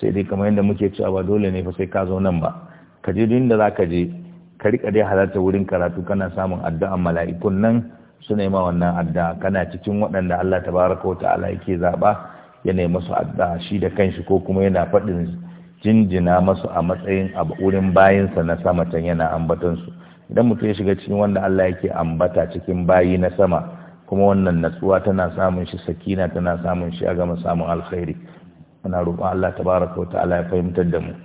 sai dai kamar yadda muke cewa ba dole ne fa sai ka zo nan ba ka je duk inda za ka je ka rika dai halarta wurin karatu kana samun addu'an mala'ikun nan su nema wannan addu'a kana cikin waɗanda Allah tabaraka wa ta'ala yake zaba ya nema su addu'a shi da kanshi ko kuma yana faɗin jinjina masu a matsayin a wurin bayinsa na sama can yana ambaton su idan mutum ya shiga cikin wanda Allah yake ambata cikin bayi na sama kuma wannan natsuwa tana samun shi sakina tana samun shi a gama samun alkhairi muna roƙon Allah tabaraka wa ta'ala ya fahimtar da mu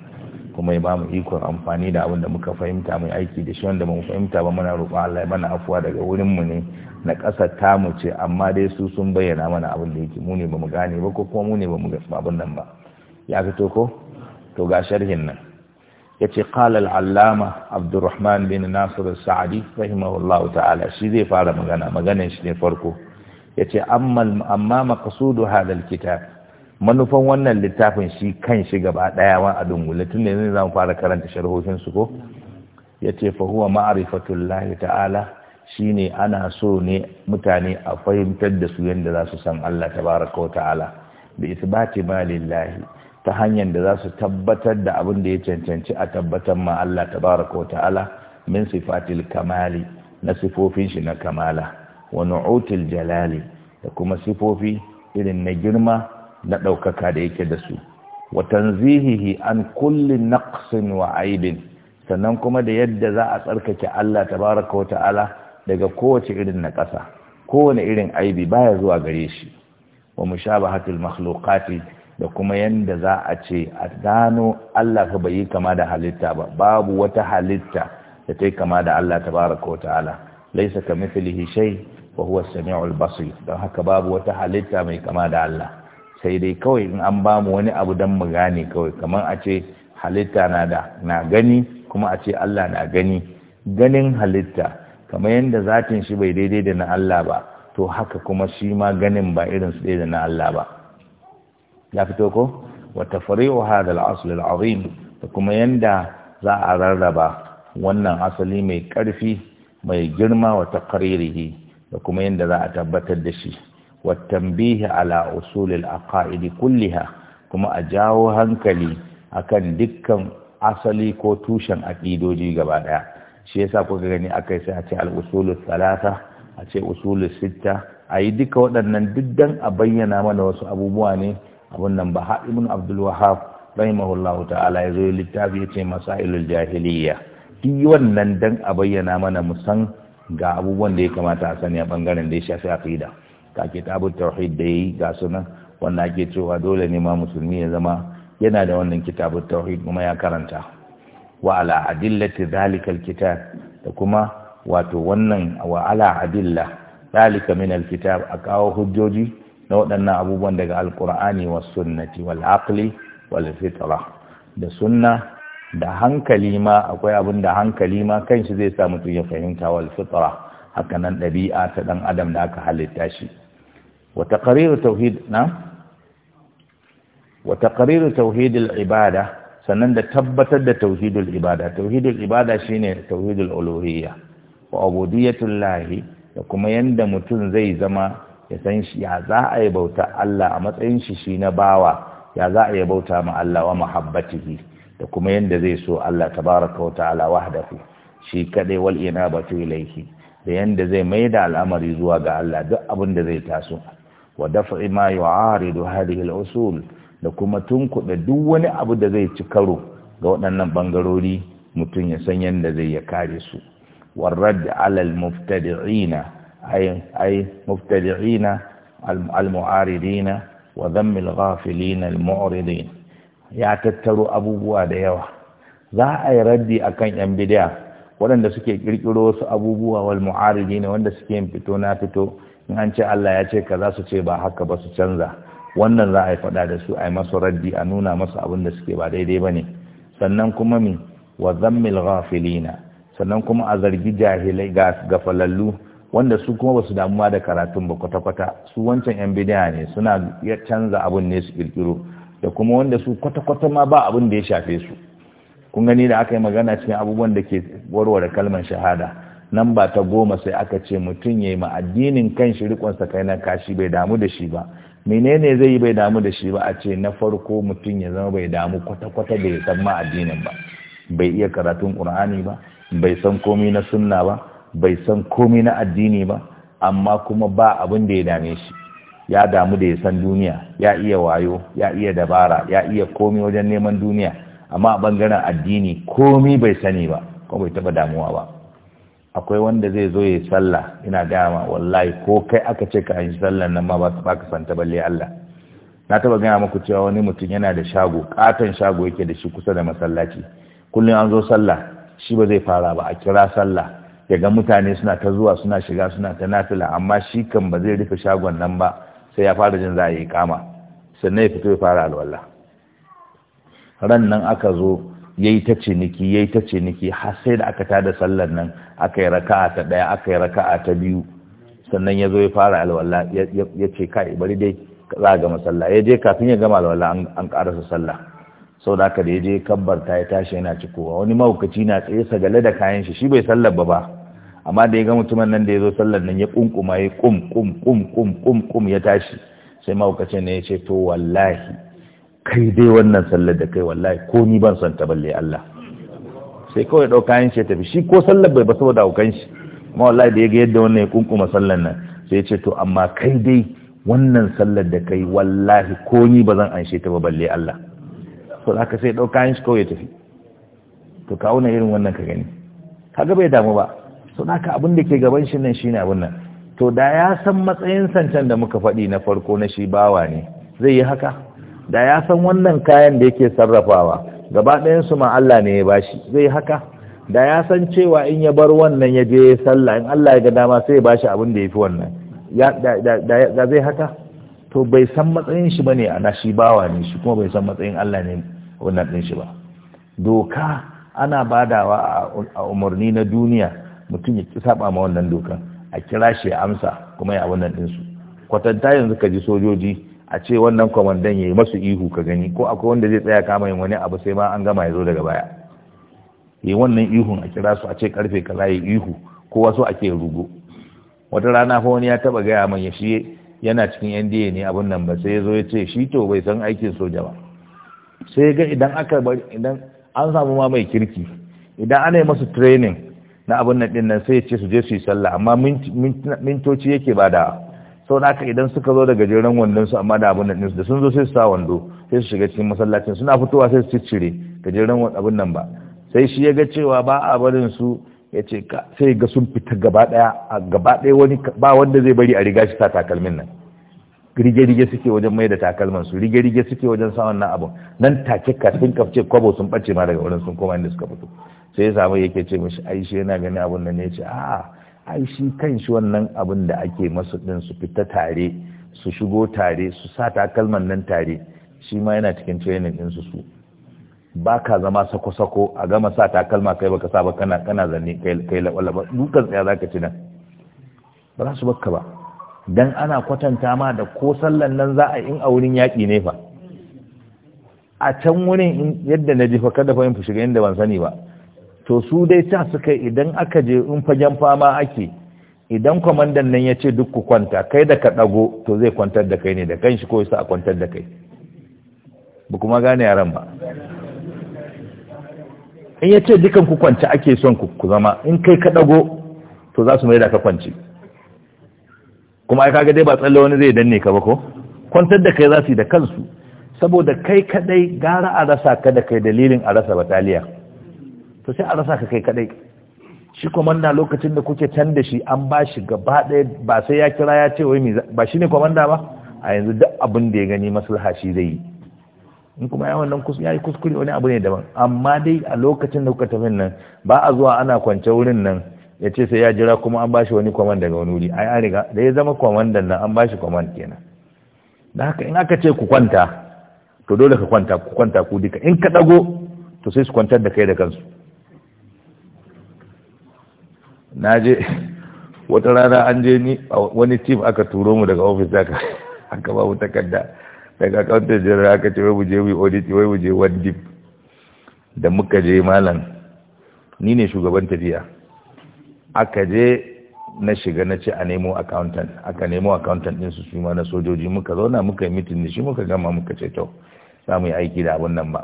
kuma ya bamu ikon amfani da abin da muka fahimta mai aiki da shi wanda mu fahimta ba muna roƙon Allah ya mana afuwa daga wurin mu ne na ƙasa ta mu ce amma dai su sun bayyana mana abin da yake mu ne bamu gane ba ko kuma mu ne bamu ga abin nan ba ya fito ko to ga sharhin nan ya ce ƙalal allama abdurrahman bin nasiru sa'adi rahimahullahu ta'ala shi zai fara magana maganin shi ne farko ya ce amma makasudu hadal likita manufan wannan littafin shi kan shi gaba ɗaya wa a dungule tun da yanzu zamu fara karanta sharhohin su ko ya ce fa huwa ta'ala shine ana so ne mutane a fahimtar da su yadda za su san Allah tabaraka wa ta'ala bi isbati ma lillahi ta hanyar da za su tabbatar da abin da ya cancanci a tabbatar ma Allah tabaraka ta'ala min sifatil kamali na sifofin shi na kamala wa nu'util jalali da kuma sifofi irin na girma na ɗaukaka da yake da su wa tanzihihi an kulli naqsin wa aibin sannan kuma da yadda za a tsarkake Allah tabaraka ta'ala daga kowace irin na ƙasa kowane irin aibi baya zuwa gare shi wa mushabahatul makhluqati da kuma yanda za a ce a gano Allah ka bai yi kama da halitta ba babu wata halitta da ta yi kama da Allah ta tabaraka wa ta'ala laisa ka mithlihi hishai, wa huwa samiul basir don haka babu wata halitta mai kama da Allah sai dai kawai in an ba mu wani abu don mu gane kawai kamar a ce halitta na da na gani kuma a ce Allah na gani ganin halitta kamar yanda zatin shi bai daidai da na Allah ba to haka kuma shi ma ganin ba irin su da na Allah ba ya fito ko wa tafri'u hadha al-asl azim da kuma yanda za a rarraba wannan asali mai karfi mai girma wa taqririhi da kuma yanda za a tabbatar da shi wa tanbihi ala usul al-aqaid kulliha kuma a jawo hankali akan dukkan asali ko tushen aqidoji gaba daya shi yasa kuka gani akai sai a ce al-usul thalatha a ce usul sitta ayi duka waɗannan duk dan a bayyana mana wasu abubuwa ne abun nan ba haɗin abdul wahab rahimahullahu ta'ala ya zo yi littafi ya ce masailul jahiliya yi wannan dan a bayyana mana musan ga abubuwan da ya kamata a sani a bangaren da ya shafi aqida ka tabu tauhid da yi ga sunan wanda ake cewa dole ne ma musulmi ya zama yana da wannan kitabu tauhid kuma ya karanta wa ala adillati dhalika alkitab da kuma wato wannan wa ala adilla dhalika min alkitab a kawo hujjoji na waɗannan abubuwan daga alkur'ani wa sunnati wal aqli wal fitra da sunna da hankali ma akwai abin da hankali ma kanshi zai sa mutum ya fahimta wal fitra hakanan ɗabi'a ta ɗan adam da aka halitta shi wa taqrir tauhid na wa taqrir tauhid al ibada sannan da tabbatar da tauhidul ibada tauhidul ibada shine tauhidul uluhiyya wa ubudiyyatul da kuma yanda mutum zai zama ya san shi ya za a yi bauta Allah a matsayin shi shi na bawa ya za a yi bauta ma Allah wa muhabbatihi da kuma yanda zai so Allah tabaraka wa ta'ala wahdahu shi kade wal inabatu ilayhi da yanda zai da al'amari zuwa ga Allah duk abin da zai taso wa daf'i ma yu'aridu hadhihi al'usul da kuma da duk wani abu da zai ci karo ga waɗannan bangarori mutum ya san yanda zai ya kare su ala alal muftadi'ina أي, أي مبتدعين المعارضين وذم الغافلين المعرضين ya tattaro abubuwa da yawa za a yi raddi a kan ‘yan bidiya waɗanda suke ƙirƙiro wasu abubuwa wal mu'ariji ne wanda suke yin fito na fito in an ce Allah ya ce ka za su ce ba haka ba su canza wannan za a yi faɗa da su a yi masu raddi a nuna masu abin da suke ba daidai ba ne sannan kuma mi wa zammil ghafilina sannan kuma a zargi jahilai ga falallu wanda su kuma basu damuwa da karatun ba kwata-kwata su wancan yan bidiya ne suna ya canza abin ne su kirkiro da kuma wanda su kwata-kwata ma ba abin da ya shafe su kun gani da aka yi magana cikin abubuwan da ke warware kalmar shahada nan ba ta goma sai aka ce mutum ya yi ma addinin kan shi rikonsa kai na kashi bai damu da shi ba menene zai yi bai damu da shi ba a ce na farko mutum ya zama bai damu kwata-kwata bai san ma addinin ba bai iya karatun Al-Qur'ani ba bai san komai na sunna ba bai san komai na addini ba amma kuma ba abin da ya dame shi ya damu da ya san duniya ya iya wayo ya iya dabara ya iya komai wajen neman duniya amma a bangaren addini komai bai sani ba kuma bai taba damuwa ba akwai wanda zai zo ya sallah ina dama wallahi ko kai aka ce ka yi sallah nan ma ba ka santa balle Allah na taba gaya muku cewa wani mutum yana da shago katon shago yake da shi kusa da masallaci kullum an zo sallah shi ba zai fara ba a kira sallah ya ga mutane suna ta zuwa suna shiga suna ta nafila amma shi kan ba zai rufe shagon nan ba sai ya fara jin za a yi kama sannan ya fito ya fara alwala ran nan aka zo ya yi ta ciniki ya yi ta ciniki har sai da aka tada sallar nan aka yi raka'a ta ɗaya aka yi raka'a ta biyu sannan ya zo ya fara alwala ya ce kai bari dai za a gama sallah ya je kafin ya gama alwala an karasa sallah sau da aka da ya je kabbarta ya tashi yana cikowa wani mahaukaci na tsaye sagale da kayan shi shi bai sallar ba ba amma da ya ga mutumin nan da ya zo sallar nan ya kunkuma ya kum kum kum kum kum kum ya tashi sai mahaukacin ne ya ce to wallahi kai dai wannan sallar da kai wallahi ko ni ban son ta balle Allah sai kawai ɗauka yin shi tafi shi ko sallar bai ba saboda haukan shi amma wallahi da ya ga yadda wannan ya kunkuma sallar nan sai ya ce to amma kai dai wannan sallar da kai wallahi ko ni ba zan anshe ta ba balle Allah to haka sai ɗauka yin shi kawai ya tafi to kawo na irin wannan ka gani kaga bai damu ba suna ka abin da ke gaban shi nan ne abin nan to da ya san matsayin sancan da muka faɗi na farko na shi bawa ne zai yi haka da ya san wannan kayan da yake sarrafawa gaba ɗayan su ma Allah ne ya bashi zai yi haka da ya san cewa in ya bar wannan ya je sallah in Allah ya ga dama sai ya bashi abin da yafi wannan ya da da zai haka to bai san matsayin shi bane ana shi bawa ne shi kuma bai san matsayin Allah ne wannan din shi ba doka ana badawa a umarni na duniya mutum ya ki saba ma wannan dokan a kira shi ya amsa kuma ya wannan ɗinsu kwatanta yanzu ka ji sojoji a ce wannan kwamandan ya yi masu ihu ka gani ko akwai wanda zai tsaya kama yin wani abu sai ma an gama ya zo daga baya yi wannan ihun a kira su a ce karfe kaza ya ihu ko wasu ake rugo wata rana fa wani ya taba gaya man ya shi yana cikin NDA ne abun nan ba sai ya zo ya ce shi to bai san aikin soja ba sai ga idan aka idan an samu ma mai kirki idan ana yi masu training na abin nan dinnan sai ya ce su je su yi sallah amma mintoci yake ba da sau da idan suka zo daga jeren wandon su amma da abin nan dinsu da sun zo sai su sa wando sai su shiga cikin masallacin suna fitowa sai su ciccire gajeren abin nan ba sai shi ya ga cewa ba a barin su ya ce sai ga sun fita gaba daya a gaba daya wani ba wanda zai bari a riga shi ta takalmin nan rige-rige suke wajen mai da takalman su rige-rige suke wajen sa wannan abun nan take kafin kafce kwabo sun bace ma daga wurin sun koma inda suka fito sai ya yake ce mishi aishi yana gani abun nan ne ce a Aishi kan shi wannan abun da ake masu din su fita tare su shigo tare su sa takalman nan tare shi ma yana cikin training din su su ba ka zama sako-sako a gama sa takalma kai baka sa kana kana zanne kai wala ba dukan tsaya zaka ci nan ba za su bakka ba dan ana kwatanta ma da ko sallan nan za a in a wurin yaƙi ne fa a can wurin yadda na ji fa kada fa yin shiga inda ban sani ba to su dai ta suka idan aka je in fagen fama ake idan kwamandan nan ya ce duk ku kwanta kai da ka ɗago to zai kwantar da kai ne da kanshi ko yasa a kwantar da kai ba kuma gane yaran ba in ya ce dukan ku kwanci ake son ku zama in kai ka ɗago to za su mai da ka kwanci kuma ai kaga dai ba tsalle wani zai danne ka ba ko kwantar da kai za su yi da kansu saboda kai kadai gara a rasa ka da kai dalilin a rasa bataliya to sai a rasa ka kai kadai shi komanda lokacin da kuke can da shi an ba shi gaba ɗaya ba sai ya kira ya ce wai ba shi ne komanda ba a yanzu duk abin da ya gani maslaha shi zai yi in kuma ya wannan ya yi kuskure wani abu ne daban amma dai a lokacin da kuka tafi nan ba a zuwa ana kwance wurin nan ya ce sai ya jira kuma an bashi wani kwamanda daga wani wuri ai an riga da ya zama kwamandan nan an bashi kwamanda kenan da haka in aka ce ku kwanta to dole ka kwanta ku kwanta ku duka in ka dago to sai su kwantar da kai da kansu na je wata rana an je ni wani tim aka turo mu daga ofis aka aka ba mu takarda daga accountant general aka ce wai mu je mu wai mu je one dip da muka je malam ni ne shugaban tafiya aka je na shiga na ce a nemo accountant aka nemo accountant din su shi ma na sojoji muka zauna muka yi mitin da shi muka gama muka ce to za mu yi aiki da abin nan ba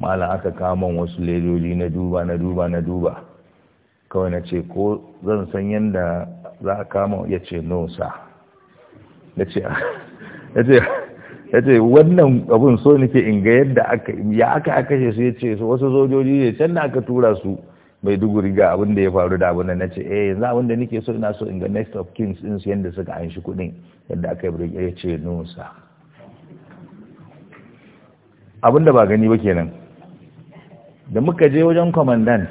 malam aka kama wasu lejoji na duba na duba na duba kawai na ce ko zan san yadda za a kama ya ce nosa ya ce wannan abun so nake inga yadda aka ya aka aka ce su ya ce wasu sojoji ne can da aka tura su mai duguri ga abin da ya faru da abin da na ce eh yanzu abin da nake so ina so in ga next of kings din su yadda suka an shi kudin yadda aka yi ya ce nosa abin da ba gani ba kenan da muka je wajen commandant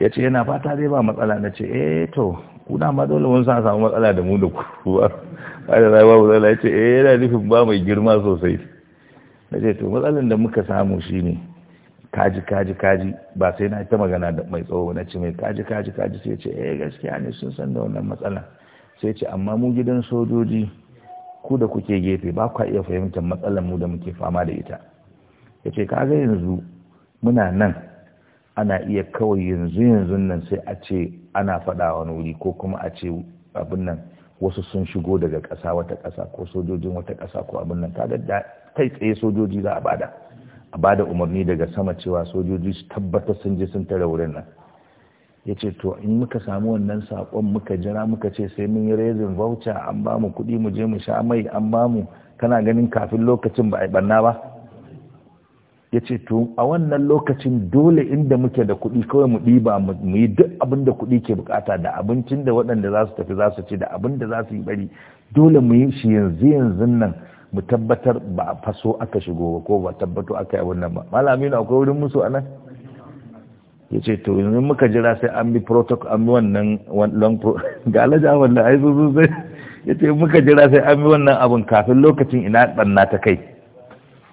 ya ce yana fata zai ba matsala na ce eh to kuna ma dole mun sa samu matsala da mu da ku ba ba da rayuwa ba zai ce eh yana nufin ba mai girma sosai na ce to matsalan da muka samu shine kaji kaji kaji ba sai na ta magana da mai tsawo na ce mai kaji kaji kaji sai ce eh gaskiya ne sun san da wannan matsala sai ce amma mu gidan sojoji ku da kuke gefe ba ku iya fahimtar matsalar mu da muke fama da ita ya ce kaga yanzu muna nan ana iya kawai yanzu yanzun nan sai a ce ana faɗa wani wuri ko kuma a ce abin nan wasu sun shigo daga ƙasa wata ƙasa ko sojojin wata ƙasa ko abin nan kaga kai tsaye sojoji za a bada a bada umarni daga sama cewa sojoji su tabbatar sun je sun tare wurin nan ya ce to in muka samu wannan saƙon muka jira muka ce sai mun yi rezin voucher an ba mu kuɗi mu je mu sha mai an ba mu kana ganin kafin lokacin ba a yi ɓanna ba ya ce to a wannan lokacin dole inda muke da kuɗi kawai mu ɗiba mu yi duk abin da kuɗi ke bukata da abincin da waɗanda za su tafi za su ci da abin da za su yi bari dole mu yi shi yanzu yanzu nan mu tabbatar ba a faso aka shigo ba ko ba tabbato aka yi wannan ba malamin akwai wurin musu anan ya ce to yanzu muka jira sai an bi protocol an bi wannan long ga alaja wannan ai su zai ya ce muka jira sai an bi wannan abin kafin lokacin ina ɓanna ta kai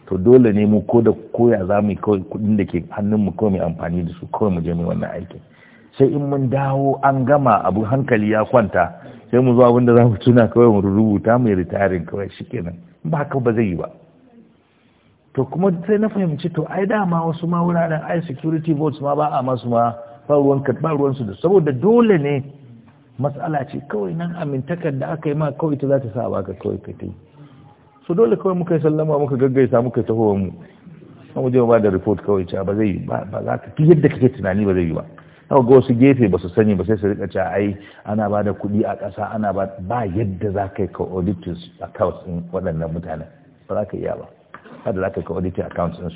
to dole ne mu ko da koya za mu kawai kudin da ke hannun mu kawai amfani da su kawai mu je mu wannan aikin sai in mun dawo an gama abu hankali ya kwanta sai mu zo abin da za mu tuna kawai mu rubuta mu yi ritayarin kawai kenan ba haka ba zai yi ba to kuma sai na fahimci to ai ma wasu ma wuraren ai security votes ma ba a masu ma ba ruwan ba ruwan su da saboda dole ne matsala ce kawai nan amintakar da aka yi ma kawai ta za ta sa baka kawai ka ta yi su dole kawai muka yi sallama muka gaggaisa muka yi tahowar mu an waje ba da report kawai cewa ba zai yi ba za ka fi yadda kake tunani ba zai yi ba haka ga wasu gefe ba su sani ba sai su rika cewa ai ana ba da kuɗi a ƙasa ana ba ba yadda za ka yi ka auditing accounts ɗin waɗannan mutanen ba za ka iya ba ba da za ka yi ka auditing accounts su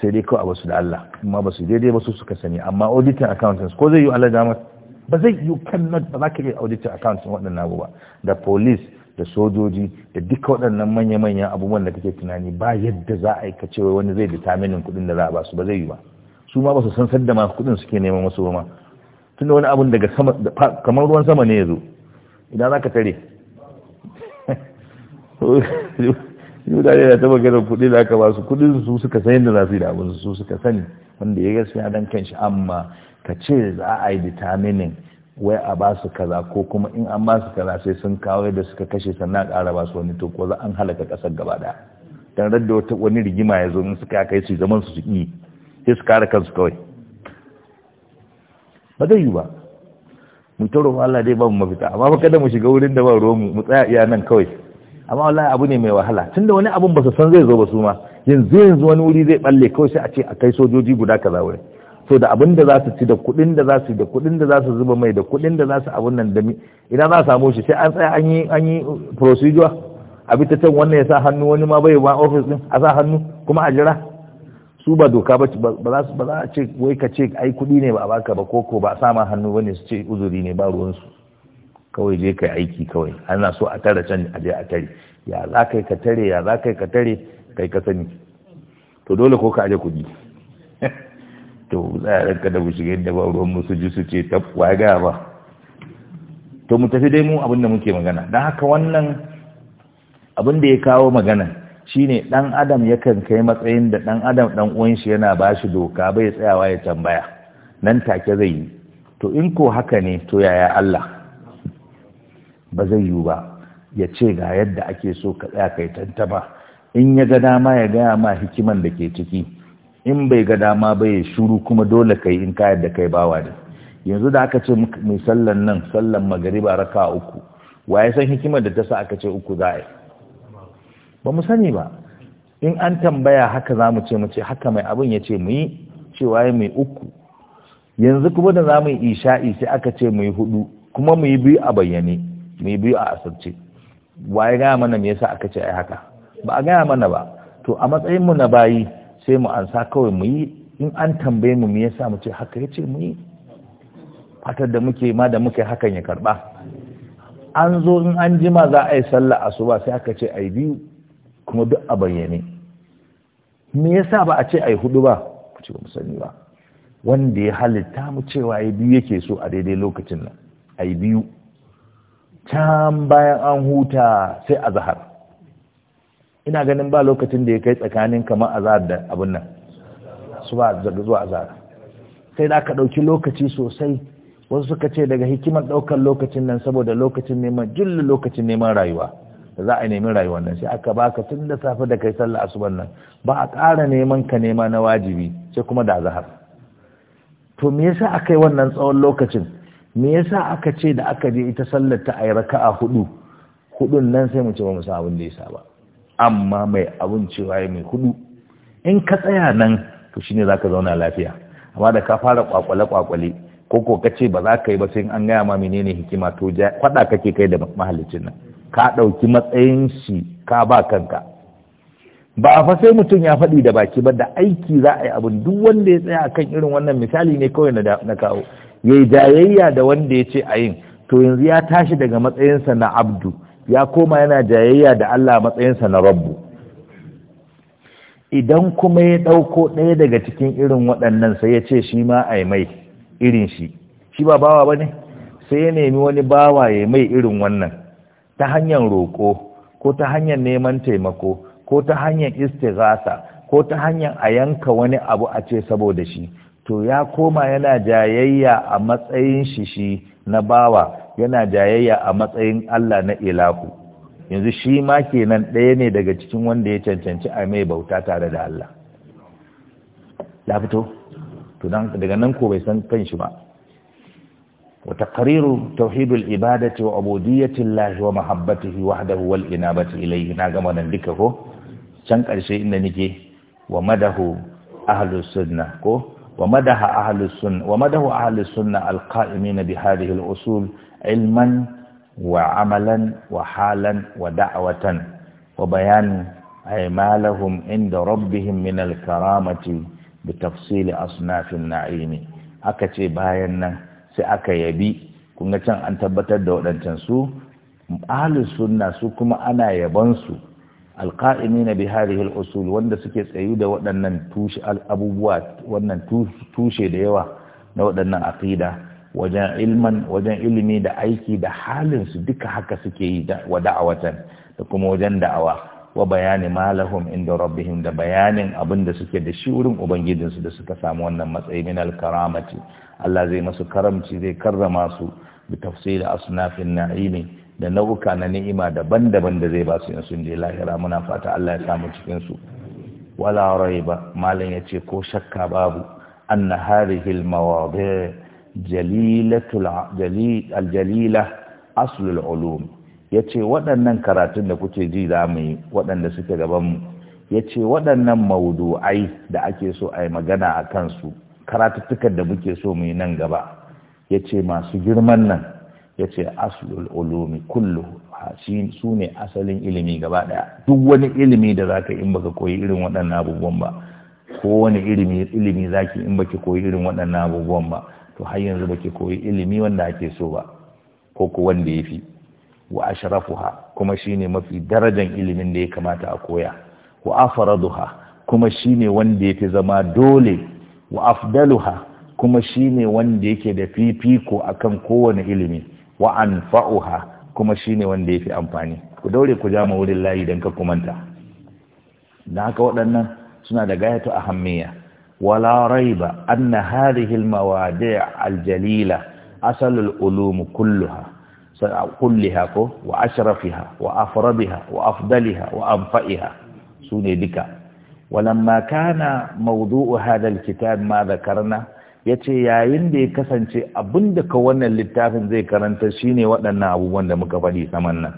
sai dai kawai a basu da Allah amma ba su daidai ba su suka sani amma auditing accounts su ko zai yi Allah damar ba zai you cannot ba za ka yi auditing accounts ɗin waɗannan ba. da police da sojoji da duka waɗannan manya-manyan abubuwan da kake tunani ba yadda za a yi cewa wani zai bitaminin kuɗin da za a ba su ba zai yi ba su ma ba su san sadda masu kuɗin suke neman wasu ba ma tun da wani abun daga sama kamar ruwan sama ne ya zo idan za ka tare mutane da ta maganar kuɗi da aka ba su kuɗin su suka san yadda za su yi da abin su suka sani wanda ya gaskiya dan kanshi amma ka ce za a yi bitaminin wai a ba su kaza ko kuma in an ba su kaza sai sun kawo da suka kashe sannan ƙara ba su wani to ko za an halaka ƙasar gaba ɗaya dan radda wata wani rigima ya zo in suka kai su zaman su su yi sai su kare kansu kawai ba zai yi ba mu ta roƙon Allah dai ba mu mafita amma ba kada mu shiga wurin da ba ruwan mu mu tsaya iya nan kawai amma wallahi abu ne mai wahala tunda wani abun ba su san zai zo ba su ma yanzu yanzu wani wuri zai balle kawai sai a ce a kai sojoji guda kaza wurin so da abin da za su ci da kuɗin da za su da kuɗin da za su zuba mai da kuɗin da za su abin nan da idan za a samu shi sai an tsaya an yi an yi procedure a bi ta can wannan ya sa hannu wani ma bai ba office din a sa hannu kuma a jira su ba doka ba ba za a ce wai ka ce ai kuɗi ne ba a baka ba koko ba a sa ma hannu bane su ce uzuri ne ba ruwansu kawai je kai aiki kawai ana so a tare can a je a tare ya za kai ka tare ya za kai ka tare kai ka sani to dole ko ka aje kuɗi to za a ranka da bushigai da ba ruwan musu ji su ce tabwa ga ba to mu tafi dai mu abin da muke magana don haka wannan abin da ya kawo magana shine dan adam yakan kai matsayin da dan adam dan uwan shi yana ba shi doka bai tsayawa ya tambaya nan take zai yi to in ko haka ne to yaya Allah ba zai yiwu ba ya ce ga yadda ake so ka tsaya kai tantaba in ya ga dama ya gaya ma hikiman da ke ciki in bai ga dama ba ya shuru kuma dole kai in ka yadda kai bawa ne yanzu da aka ce mai sallan nan sallan magariba raka uku waye san hikimar da ta sa aka ce uku za a yi ba mu sani ba in an tambaya haka za mu ce mu ce haka mai abin ya ce mu yi cewa ya mai uku yanzu kuma da za mu yi isha'i sai aka ce mu yi hudu kuma mu yi biyu a bayyane mu yi biyu a asirce waye gaya mana me yasa aka ce ai haka ba a gaya mana ba to a matsayin mu na bayi sai mu ansa kawai mu yi in an tambaye mu me yasa mu ce haka ya ce mu yi fatar da muke ma da muke hakan ya karba an zo in an jima za a yi sallah a asuba sai aka ce ai biyu kuma duk a bayyane me yasa ba a ce ai hudu ba ku ce ba mu sani ba wanda ya halitta mu cewa ai biyu yake so a daidai lokacin nan ai biyu can bayan an huta sai a zahar ina ganin ba lokacin da ya kai tsakanin kamar azar da abin nan su ba zuwa azhar sai da aka ɗauki lokaci sosai wasu suka ce daga hikimar ɗaukar lokacin nan saboda lokacin neman jullu lokacin neman rayuwa da za a nemi rayuwa nan sai aka baka tun da safe da kai sallah asuban nan ba a ƙara neman ka nema na wajibi sai kuma da zahar to me yasa aka yi wannan tsawon lokacin me yasa aka ce da aka je ita sallar ta ayi raka'a hudu hudun nan sai mu ce ba mu sa abin da ya saba? amma mai abun cewa ya mai hudu in ka tsaya nan to shi ne za ka zauna lafiya amma da ka fara kwakwale kwakwale ko ko ce ba za ka yi ba sai an gaya ma menene hikima to kwada kake kai da mahallicin nan ka ɗauki matsayin shi ka ba kanka ba a fa sai mutum ya faɗi da baki ba da aiki za a yi abin duk wanda ya tsaya akan irin wannan misali ne kawai na kawo ya jayayya da wanda ya ce a yin to yanzu ya tashi daga matsayinsa na abdu ya koma yana jayayya da Allah matsayinsa na rabbu idan kuma ya ɗauko ɗaya daga cikin irin waɗannan sai ya ce shi ma a mai irin shi shi ba bawa ba ne sai ya nemi wani bawa ya mai irin wannan ta hanyar roƙo ko ta hanyar neman taimako ko ta hanyar istighasa ko ta hanyar a yanka wani abu a ce saboda shi to ya koma yana jayayya a matsayin shi shi na bawa yana jayayya a matsayin Allah na ilahu yanzu shi ma kenan ɗaya ne daga cikin wanda ya cancanci a mai bauta tare da Allah ya fito to daga nan ko bai san kan shi ba wa taqriru tauhidul ibadati wa ubudiyyati Allah wa mahabbatihi wahdahu wal inabati ilayhi na gama nan duka ko can karshe inda nake wa madahu ahlus sunna ko ومدح أهل السنة ومدح أهل علما وعملا وحالا ودعوة وبيان أي عند ربهم من الكرامة بتفصيل أصناف النعيم أكتي باينا سأكا يبي كنا كان أن تبتد ودن تنسو أهل السنة سكما أنا يبنسو القائمين بهذه الأصول usul سكيس suke tsayu da الأبوات tushe al'abubuwa ديوة tushe da yawa wajen ilman wajen ilimi da aiki da halin su duka haka suke yi wa da'awatan da kuma wajen da'awa wa bayani malahum inda rabbihim da bayanin abin da suke da shi wurin ubangijinsu da suka samu wannan matsayi min al-karamati Allah zai masu karamci zai karrama su bi tafsir asnafin na'imi da nauka na ni'ima daban-daban da zai ba su in sun je lahira muna fata Allah ya samu cikin su wala raiba malam yace ko shakka babu anna hadhihi al-mawadi' aljalila aslul ulum ya ce waɗannan karatun da kuke ji za mu yi waɗanda suke gabanmu ya ce waɗannan maudu'ai da ake so a magana a kansu karatuttukan da muke so mu yi nan gaba ya ce masu girman nan ya ce aslul ulumi kullu su ne asalin ilimi gaba ɗaya duk wani ilimi da za ka in baka koyi irin waɗannan abubuwan ba ko wani ilimi za ki in baki koyi irin waɗannan abubuwan ba to har yanzu baki koyi ilimi wanda ake so ba ko ku wanda yafi wa ashrafuha kuma shine mafi darajan ilimin da ya kamata a koya wa afraduha kuma shine wanda yafi zama dole wa afdaluha kuma shine wanda yake da fifiko a kan kowane ilimi wa anfa'uha kuma shine wanda yafi amfani ku daure ku jama wurin layi dan ka kumanta dan haka waɗannan suna da gayatu ahammiya ولا ريب أن هذه المواضيع الجليلة أصل العلوم كلها كلها وأشرفها وأفربها وأفضلها وأنفئها سوني دكا ولما كان موضوع هذا الكتاب ما ذكرنا yace yayin da ya kasance abinda ka wannan littafin zai karanta shine waɗannan abubuwan da muka faɗi saman nan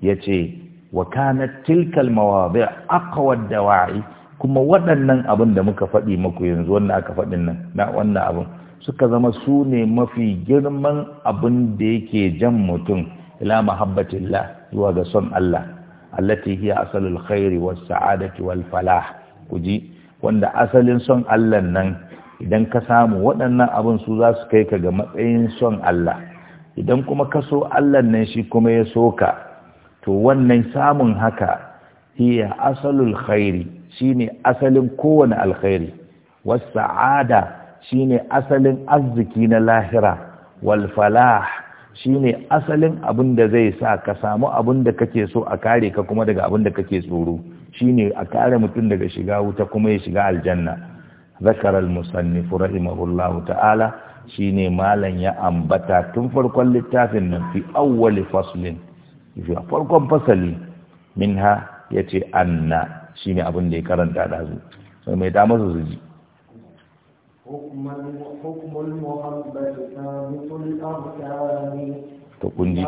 yace wa kanat tilkal mawadi' aqwa dawa'i kuma waɗannan abin da muka faɗi muku yanzu wannan aka faɗin nan na wannan abin suka zama su ne mafi girman abin da yake jan mutum ila mahabbatillah zuwa ga son Allah allati hiya asalul khairi was sa'adati wal falah kuji wanda asalin son Allah nan idan ka samu waɗannan abin su za su kai ka ga matsayin son Allah idan kuma ka so Allah nan shi kuma ya so ka to wannan samun haka hiya asalul khairi shine asalin kowane alkhairi wasa'ada shine asalin arziki na lahira wal falah shine asalin abin da zai sa ka samu abin da kake so a kare ka kuma daga abin da kake tsoro shine a kare mutum daga shiga wuta kuma ya shiga aljanna zakara al-musannif rahimahullahu ta'ala shine malan ya ambata tun farkon littafin nan fi awwali faslin fi farkon fasali minha yace anna shine abin da ya karanta ɗazu sai mai ta masa su ji ta kunji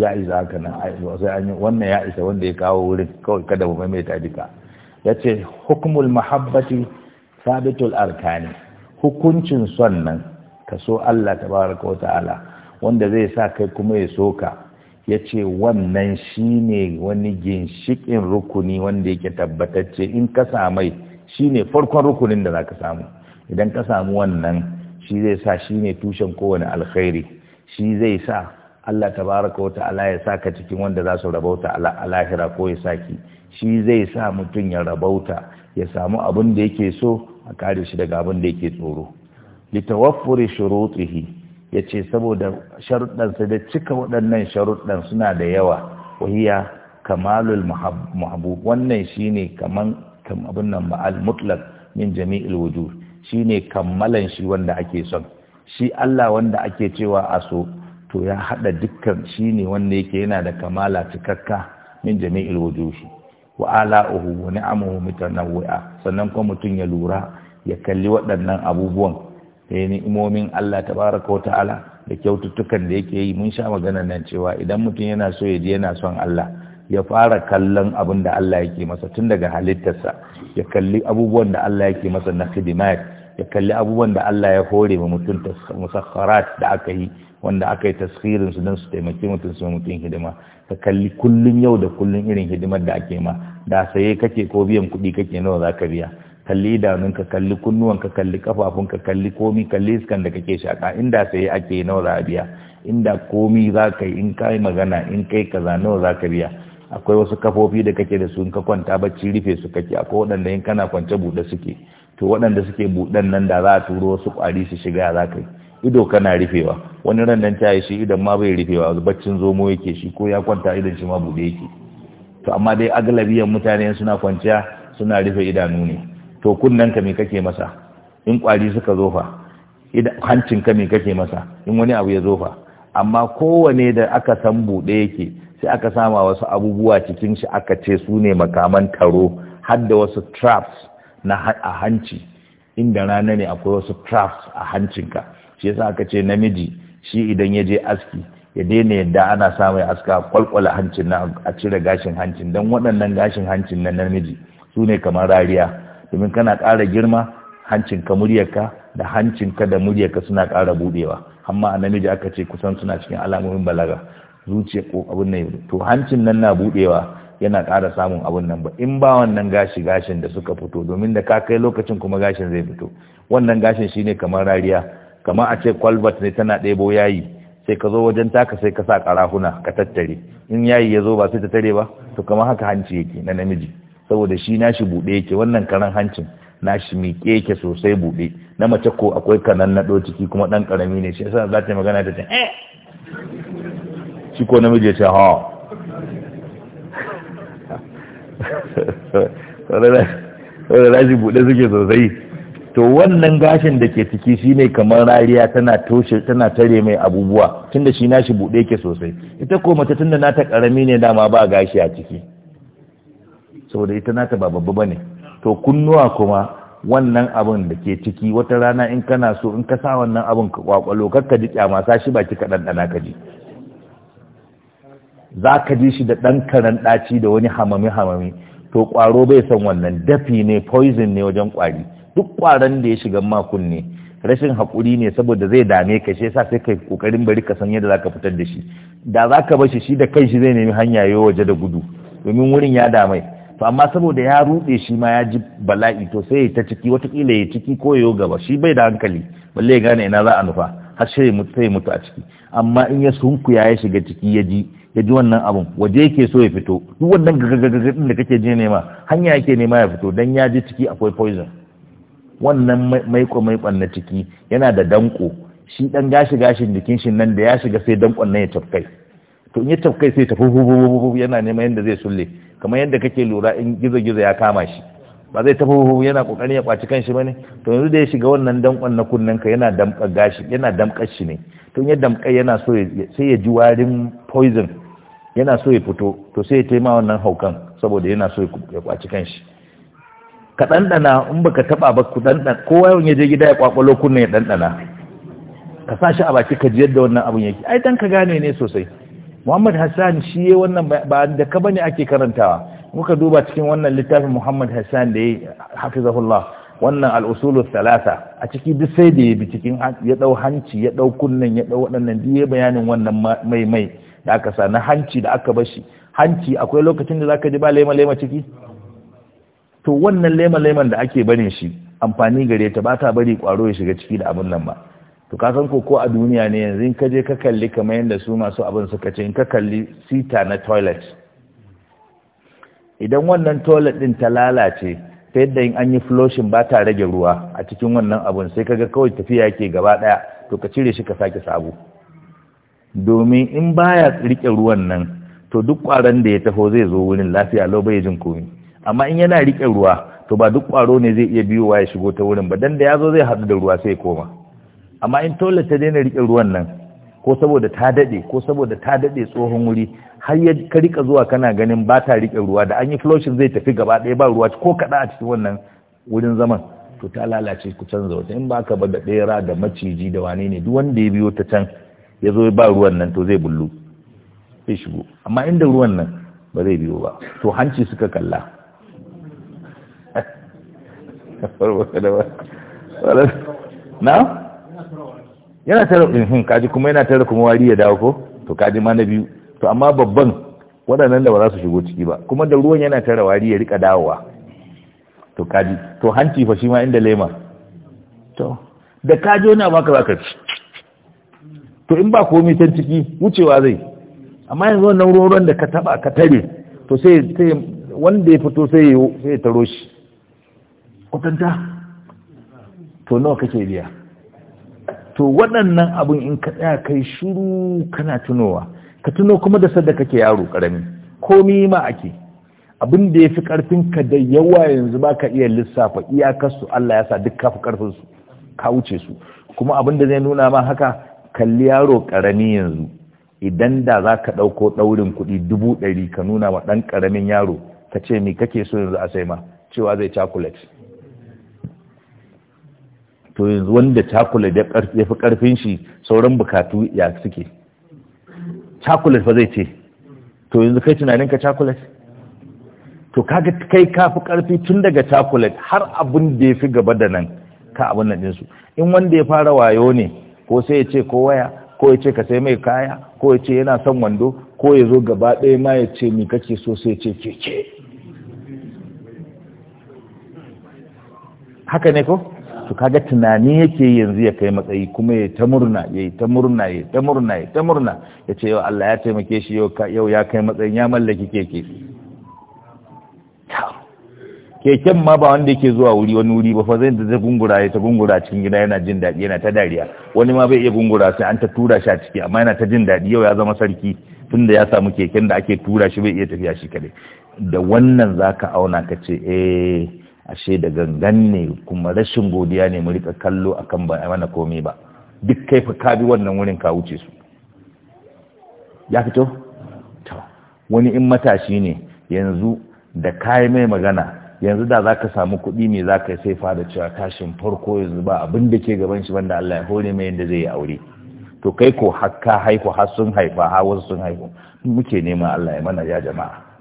ya isa haka nan sai an yi wannan ya isa wanda ya kawo wurin kawai kada mu maimaita duka ya ce hukumul mahabbati sabitul arkani hukuncin son nan ka so Allah ta wa ta'ala wanda zai sa kai kuma ya so ka ya ce wannan shi ne wani ginshikin rukuni wanda yake tabbatacce in ka samai shi ne farkon rukunin da za ka samu idan ka samu wannan shi zai sa shi ne tushen kowane alkhairi shi zai sa Allah tabaraka wa ta'ala ya ka cikin wanda za su rabauta a lahira ko ya saki shi zai sa mutum ya rabauta ya samu abin da yake so a kare shi daga abin da yake tsoro litawaffuri shurutihi ya ce saboda sharuɗansa da cika waɗannan sharuɗan suna da yawa wahiya kamalul mahabu wannan shine kaman abin nan ma'al mutlak min jami'il shi ne kammalan shi wanda ake son shi Allah wanda ake cewa a so to ya hada dukkan shi ne wanda yake yana da kamala cikakka min jami'il wujuh wa ala'uhu wa ni'amuhu mutanawwi'a sannan kuma mutum ya lura ya kalli waɗannan abubuwan sai ni'imomin Allah ta ko ta'ala da kyaututtukan da yake yi mun sha magana nan cewa idan mutum yana so ya ji yana son Allah ya fara kallon abin da Allah yake masa tun daga halittarsa ya kalli abubuwan da Allah yake masa na khidmat ya kalli abubuwan da Allah ya hore ma mutum musakharat da aka yi wanda aka yi taswirin su don su taimaki mutum su mutum hidima ka kalli kullum yau da kullum irin hidimar da ake ma da saye kake ko biyan kuɗi kake nawa za ka biya kalli idanunka kalli kunnuwanka kalli kafafunka kalli komi kalli iskan da kake shaka inda sai ake nawa za a biya inda komi za ka yi in ka yi magana in kai kaza nawa za ka biya akwai wasu kafofi da kake da su in ka kwanta bacci rufe su kake akwai waɗanda in kana kwance buɗe suke to waɗanda suke buɗen nan da za a turo wasu ƙwari su shiga za ka yi ido kana rufewa wani ran nan ta shi idan ma bai rufewa baccin zomo yake shi ko ya kwanta idan shi ma buɗe yake to amma dai agalabiyan mutane suna kwanciya suna rufe idanu ne to ka me kake masa in kwari suka zo fa hancinka me kake masa in wani abu ya zo fa amma kowane da aka san buɗe yake sai aka sama wasu abubuwa cikin shi aka ce su ne makaman taro har da wasu traps na a hanci inda rana ne akwai wasu traps a hancinka shi yasa aka ce namiji shi idan ya je aski ya daina yadda ana sa aska kwalkwala hancin na a cire gashin hancin don waɗannan gashin hancin na namiji su ne kamar rariya domin kana ƙara girma hancin hancinka muryarka da hancinka da muryarka suna ƙara buɗewa. amma a namiji aka ce kusan suna cikin alamomin balaga zuciya ko abin nan to hancin nan na buɗewa, yana ƙara samun abin nan ba in ba wannan gashi gashin da suka fito domin da ka kai lokacin kuma gashin zai fito wannan gashin shine kamar rariya kamar a ce kwalbat ne tana ɗebo yayi sai ka zo wajen taka sai ka sa ƙarahuna ka tattare in yayi ya zo ba sai ta tare ba to kamar haka hanci yake na namiji saboda shi nashi buɗe yake wannan karan hancin nashi miƙe yake sosai buɗe na mace ko akwai kanan naɗo ciki kuma ɗan ƙarami ne shi yasa za ta magana ta ce eh shi ko namiji ya ce ha saboda nashi buɗe suke sosai to wannan gashin da ke ciki shi ne kamar rariya tana toshe tana tare mai abubuwa tunda shi nashi buɗe yake sosai ita ko mace tunda nata ƙarami ne dama ba gashi a ciki saboda ita nata ba babba bane to kunnuwa kuma wannan abin da ke ciki wata rana in kana so in ka sa wannan abin ka kwakwalo kakka ji kyama sa shi baki ka ɗanɗana ka ji za ka ji shi da ɗan karan ɗaci da wani hamami hamami to ƙwaro bai san wannan dafi ne poison ne wajen kwari duk ƙwaron da ya shiga makunne. ne rashin hakuri ne saboda zai dame ka shi yasa sai kai kokarin bari ka san yadda zaka fitar da shi da zaka ka bar shi da kai shi zai nemi hanya yau waje da gudu domin wurin ya damai to amma saboda ya rude shi ma ya ji bala'i to sai ta ciki watakila ya ciki ko ya gaba shi bai da hankali balle ya gane ina za a nufa har sai ya mutu sai mutu a ciki amma in ya sunku ya shiga ciki ya ji ya ji wannan abun waje yake so ya fito duk wannan din da kake je nema hanya yake nema ya fito dan ya ji ciki akwai poison wannan ko mai na ciki yana da danko shi dan gashi gashin jikin shi nan da ya shiga sai dankon nan ya tafkai to in ya tafkai sai ta yana neman yadda zai sulle kamar yadda kake lura in gizo-gizo ya kama shi ba zai tafi huhu yana kokarin ya kwaci kanshi bane to yanzu da ya shiga wannan dankon na kunnen ka yana damka gashi yana damkar shi ne to ya damka yana so sai ya ji warin poison yana so ya fito to sai ya taima wannan haukan saboda yana so ya kwaci kanshi ka dandana in baka taba ba ku dandana kowa yawan ya je gida ya kwakwalo kunne ya dandana ka sa shi a baki ka ji yadda wannan abun yake ai dan ka gane ne sosai muhammad hassan shi ya wannan ba da ka bane ake karantawa muka duba cikin wannan littafin muhammad hassan da ya yi hafizahullah wannan al'usulun salasa a ciki duk sai da ya bi cikin ya ɗau hanci ya ɗau kunnen ya ɗau waɗannan duk ya bayanin wannan mai mai da aka sa na hanci da aka bashi hanci akwai lokacin da zaka ji ba lema lema ciki to wannan lema leman da ake barin shi amfani gare ta ba ta bari kwaro ya shiga ciki da abin nan ba to ka san ko a duniya ne yanzu in ka je ka kalli kamar yadda su masu abin suka ce in ka kalli sita na toilet idan wannan toilet din ta lalace ta yadda in an yi flushing ba ta rage ruwa a cikin wannan abun sai ka ga kawai tafiya ke gaba daya to ka cire shi ka sake sabo domin in baya rike ruwan nan to duk kwaron da ya taho zai zo wurin lafiya lau bai jin komi amma in yana rike ruwa to ba duk kwaro ne zai iya biyowa ya shigo ta wurin ba dan da ya zo zai haɗu da ruwa sai koma amma in tole ta daina rike ruwan nan ko saboda ta dade ko saboda ta dade tsohon wuri har ya ka rika zuwa kana ganin ba ta rike ruwa da an yi flushing zai tafi gaba ɗaya ba ruwa ko kaɗa a cikin wannan wurin zaman to ta lalace ku canza wata in ba ka ba da ɗera da maciji da wane ne duk wanda ya biyo ta can ya zo ba ruwan nan to zai bullu zai shigo amma inda ruwan nan ba zai biyo ba to hanci suka kalla na? yana tare in mhm, kaji kuma yana tare kuma wari ya dawo ko to kaji ma na biyu to amma babban waɗannan da ba za su shigo ciki ba kuma da ruwan yana tare wari ya rika dawowa to kaji to hanci fa shi ma inda lema to da kaji wani abu haka zaka to in ba komai tan ciki wucewa zai amma yanzu wannan ruwan da ka taba ka tare to sai sai wanda ya fito sai ya taro shi kwatanta to nawa kake biya to waɗannan abin in ka tsaya kai shiru kana tunowa ka tuno kuma da sadda kake yaro karami komi ma ake abin da ya fi ƙarfinka da yawa yanzu ba ka iya lissafa iyakarsu Allah ya sa duk kafi ƙarfinsu ka wuce su kuma abin da zai nuna ma haka kalli yaro karami yanzu idan da za ka ɗauko ɗaurin kuɗi dubu ɗari ka nuna wa ɗan ƙaramin yaro ka ce mi kake so yanzu a sai ma cewa zai cakulet to yanzu wanda cakulet ya fi karfin shi sauran bukatu ya suke cakulet fa zai ce to yanzu kai tunanin ka cakulet to kaga kai ka fi karfi tun daga cakulet har abin da ya fi gaba da nan ka abin nan dinsu in wanda ya fara wayo ne ko sai ya ce ko waya ko ya ce ka sai mai kaya ko ya ce yana son wando ko ya zo gaba ɗaya ma ya ce mi kake so sai ya ce keke haka ne ko? su kaga tunani yake yanzu ya kai matsayi kuma ya ta murna ya ta murna ya ta murna ya ta murna ya ce yau Allah ya taimake shi yau ya kai matsayin ya mallaki keke keken ma ba wanda yake zuwa wuri wani wuri ba fa zai da gungura ya ta gungura cikin gida yana jin daɗi yana ta dariya wani ma bai iya gungura sai an ta tura shi a ciki amma yana ta jin daɗi yau ya zama sarki tunda ya samu keken da ake tura shi bai iya tafiya shi kadai da wannan zaka auna ka ce eh ashe da gangan ne kuma rashin godiya ne mu rika kallo akan ba mana komai ba duk kai fa ka bi wannan wurin ka wuce su ya fito wani in matashi ne yanzu da kai mai magana yanzu da zaka samu kuɗi me zaka sai fara cewa tashin farko yanzu ba abin da ke gaban shi banda Allah ya hore mai yanda zai yi aure to kai ko hakka haihu har sun haifa har wasu sun haihu muke neman Allah ya mana ya jama'a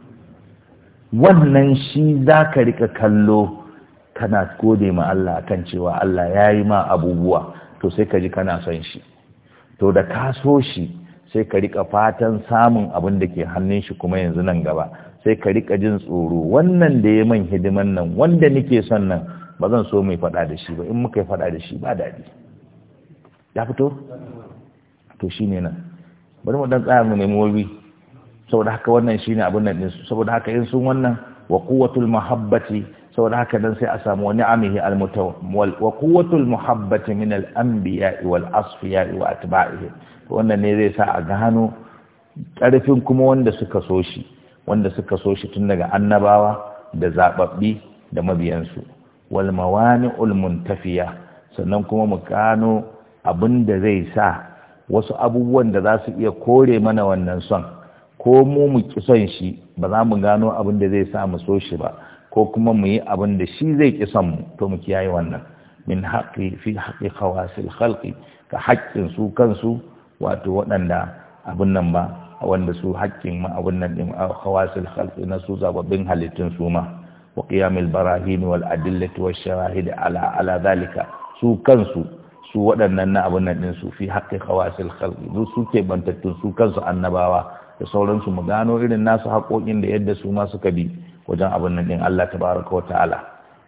wannan shi za ka rika kallo kana gode ma Allah kan cewa Allah ya yi ma abubuwa to sai ka ji kana son shi to da ka so shi sai ka rika fatan samun abin da ke hannun shi kuma yanzu nan gaba sai ka rika jin tsoro wannan da ya man hidiman nan wanda nake son nan ba zan so mai faɗa da shi ba in muka yi faɗa da shi ba daɗi ya fito to shi ne nan bari mu dan tsaya mu nemi wabi? saboda haka wannan shine abin nan ɗinsu saboda haka in sun wannan wa quwwatul mahabbati saboda haka dan sai a samu wani amihi almutaw wa quwwatul muhabbati min al-anbiya wal asfiya wa atba'ihi wannan ne zai sa a gano ƙarfin kuma wanda suka so shi wanda suka so shi tun daga annabawa da zababbi da mabiyansu wal mawani'ul muntafiya sannan kuma mu gano abin da zai sa wasu abubuwan da za su iya kore mana wannan son ko mu mu ki son shi ba za mu gano abin da zai sa mu so shi ba ko kuma mu yi abin da shi zai ki son mu to mu kiyaye wannan min haqqi fi haqqi khawasil khalqi ka haƙƙin su kansu wato waɗanda abin nan ba wanda su haƙƙin ma abin nan din khawasil khalqi na su zababbin halittun su ma wa qiyamil barahin wal adillati wash shawahid ala ala zalika su kansu su waɗannan na abin nan din su fi haqqi khawasil khalqi su suke bantattun su kansu annabawa da sauransu mu gano irin nasu haƙoƙin da yadda su ma suka bi wajen abin nan din Allah tabaraka wa ta'ala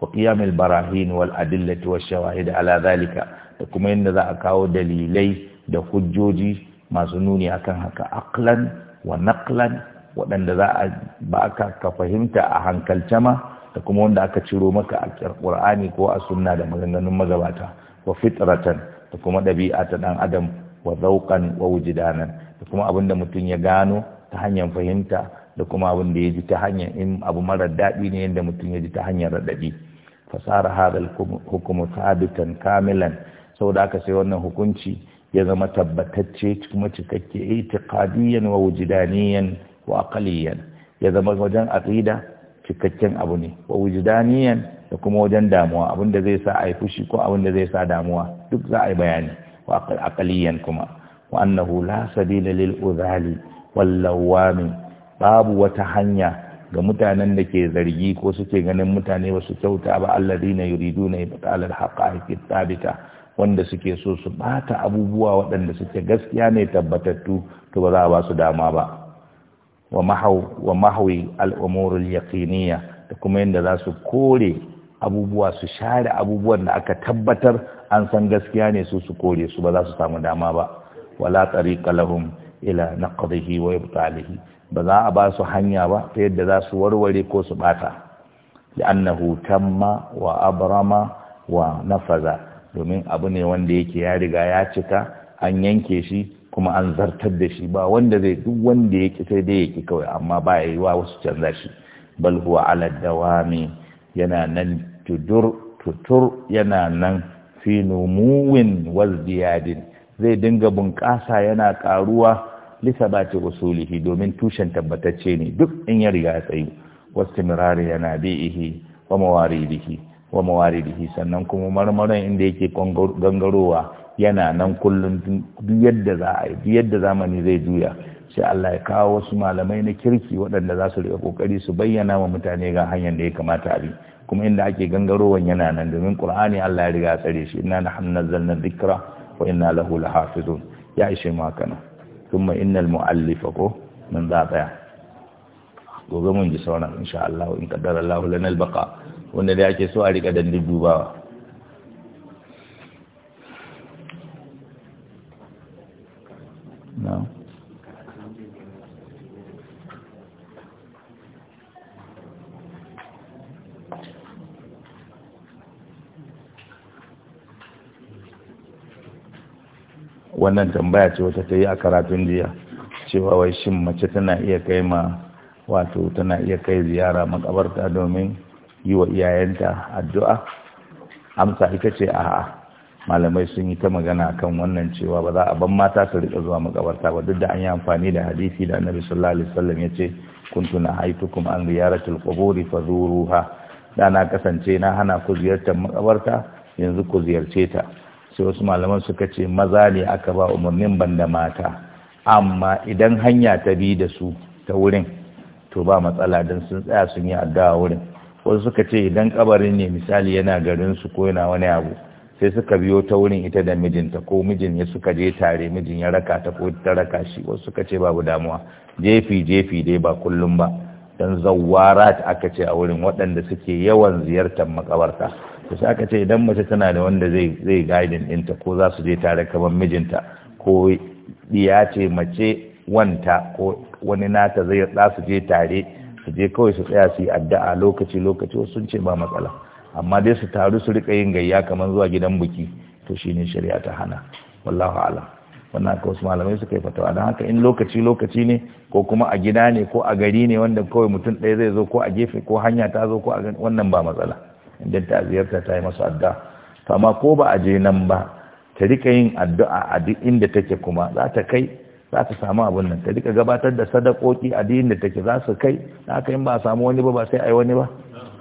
wa qiyamil barahin wal adillati wash shawahid ala zalika da kuma yadda za a kawo dalilai da hujjoji masu nuni akan haka aqlan wa naqlan waɗanda za a ba ka fahimta a hankalce ma da kuma wanda aka ciro maka a Qur'ani ko a sunna da maganganun magabata wa fitratan da kuma ɗabi'a ta ɗan adam wa zauqan wa wujdanan da kuma abin da mutum ya gano ta hanyar fahimta da kuma abin da ya ji ta hanyar in abu marar daɗi ne yadda mutum ya ji ta hanyar raɗaɗi fasara hadal hukumu sabitan kamilan sau da aka sai wannan hukunci ya zama tabbatacce kuma cikakke itiqadiyan wa wujidaniyan, wa aqliyan ya zama wajen aqida cikakken abu ne wa wujidaniyan, da kuma wajen damuwa abin zai sa a yi fushi ko abin zai sa damuwa duk za a yi bayani wa aqliyan kuma wa annahu la sabila lil udhali wal lawami babu wata hanya ga mutanen da ke zargi ko suke ganin mutane ba su kyauta ba alladina yuriduna ibtalal haqa'iqit tabita wanda suke so su bata abubuwa waɗanda suke gaskiya ne tabbatattu to ba za a ba su dama ba wa mahaw wa mahwi al umur al yaqiniyya da kuma yanda za su kore abubuwa su share abubuwan da aka tabbatar an san gaskiya ne su su kore su ba za su samu dama ba wala tariqa lahum ila naqdihi wa ibtalihi ba za a ba su hanya ba ta yadda za su warware ko su bata li'annahu tamma wa abrama wa nafaza domin abu ne wanda yake ya riga ya cika an yanke shi kuma an zartar da shi ba wanda zai duk wanda yake sai dai yake kawai amma ba ya yi wa wasu canza shi bal huwa ala dawami yana nan tudur tutur yana nan fi numuwin wazdiyadin zai dinga bunƙasa yana ƙaruwa lisa ba ce wasulihi domin tushen tabbatacce ne duk in ya riga tsayi wasu mirari yana bi'ihi wa mawaridihi wa mawaridihi sannan kuma marmaran inda yake gangarowa yana nan kullum duk yadda za a yi yadda zamani zai juya sai Allah ya kawo wasu malamai na kirki waɗanda za su riƙa ƙoƙari su bayyana wa mutane ga hanyar da ya kamata a bi kuma inda ake gangarowan yana nan domin Qur'ani Allah ya riga tsare shi inna nahnu nazzalna dhikra wa inna lahu lahafizun ya ishe mu haka nan kuma innal mu'allifa ko mun za tsaya gobe mun ji sauran insha Allah in kaddara Allah lana albaqa wanda da yake so a rika dan dubawa no wannan tambaya ce wata ta yi a karatun jiya cewa wai shin mace tana iya kai ma wato tana iya kai ziyara makabarta domin yi wa iyayenta addu'a amsa ita ce a'a malamai sun yi ta magana kan wannan cewa ba za a ban mata su rika zuwa makabarta ba duk da an yi amfani da hadisi da annabi sallallahu alaihi wasallam ya ce kuntu na haitukum an ziyaratul quburi fazuruha da na kasance na hana ku ziyartar makabarta yanzu ku ziyarce ta sai wasu malaman suka ce maza ne aka ba umarnin banda mata amma idan hanya ta bi da su ta wurin to ba matsala don sun tsaya sun yi addu'a wurin wasu suka ce idan kabarin ne misali yana garin su ko yana wani abu sai suka biyo ta wurin ita da mijinta ko mijin ya suka je tare mijin ya raka ta ko ta raka shi wasu suka ce babu damuwa jefi jefi dai ba kullum ba dan zawarat aka ce a wurin waɗanda suke yawan ziyartar makabarta to sai aka ce idan mace tana da wanda zai zai guiding ta ko za su je tare kamar mijinta ko diya ce mace wanta ko wani nata zai za su je tare su je kawai su tsaya su yi addu'a lokaci lokaci wasu sun ce ba matsala amma dai su taru su rika yin gayya kamar zuwa gidan buki to shine shari'a ta hana wallahu ala. wannan haka wasu malamai suka yi fatawa don haka in lokaci lokaci ne ko kuma a gida ne ko a gari ne wanda kawai mutum ɗaya zai zo ko a gefe ko hanya ta zo ko a wannan ba matsala inda ta ziyarta ta yi masu addu'a kama ko ba a je nan ba ta rika yin addu'a a duk inda take kuma za ta kai za ta samu abun nan ta rika gabatar da sadakoki a duk inda take za su kai na kai ba a samu wani ba ba sai a yi wani ba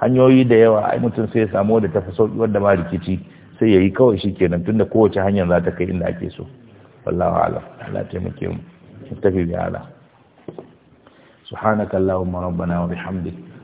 hanyoyi da yawa ai mutum sai ya samu da tafi sauki wanda ba rikici sai ya yi kawai shi kenan tunda kowace hanyar za ta kai inda ake so wallahu alam Allah taimake mu tafi bi ala subhanakallahumma rabbana wa bihamdika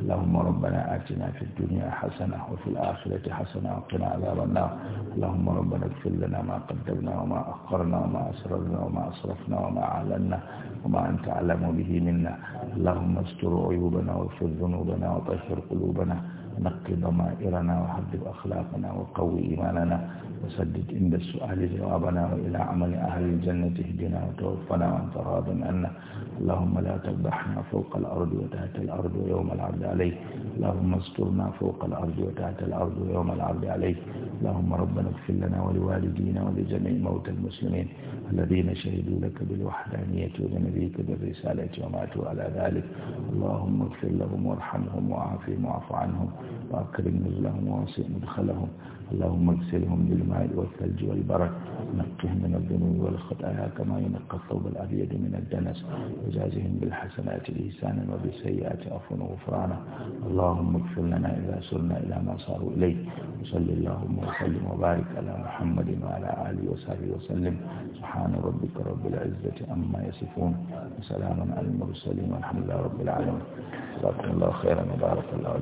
اللهم ربنا آتنا في الدنيا حسنة وفي الآخرة حسنة وقنا عذاب النار اللهم ربنا اغفر لنا ما قدمنا وما أخرنا وما أسررنا وما أسرفنا وما أعلنا وما أنت أعلم به منا اللهم استر عيوبنا واغفر ذنوبنا وطهر قلوبنا نقي ضمائرنا وحبب أخلاقنا وقوي إيماننا وسدد عند السؤال جوابنا وإلى عمل أهل الجنة اهدنا وتوفنا وأنت راض عنا اللهم لا تذبحنا فوق الأرض وتحت الأرض ويوم العرض عليه اللهم استرنا فوق الأرض وتحت الأرض ويوم العرض عليه اللهم ربنا اغفر لنا ولوالدينا ولجميع موتى المسلمين الذين شهدوا لك بالوحدانية ولنبيك بالرسالة وماتوا على ذلك اللهم اغفر لهم وارحمهم وعافهم واعف عنهم وأكرم نزلهم ووسع مدخلهم اللهم اغسلهم بالماء والثلج والبرد نقهم من الذنوب والخطايا كما ينقى الثوب الأبيض من الدنس وجازهم بالحسنات لسانا وبالسيئات عفوا وغفرانا اللهم اغفر لنا إذا سرنا إلى ما صاروا إليه وصل اللهم وسلم وبارك على محمد وعلى آله وصحبه وسلم سبحان ربك رب العزة عما يصفون وسلام على المرسلين والحمد لله رب العالمين جزاكم الله خيرا وبارك الله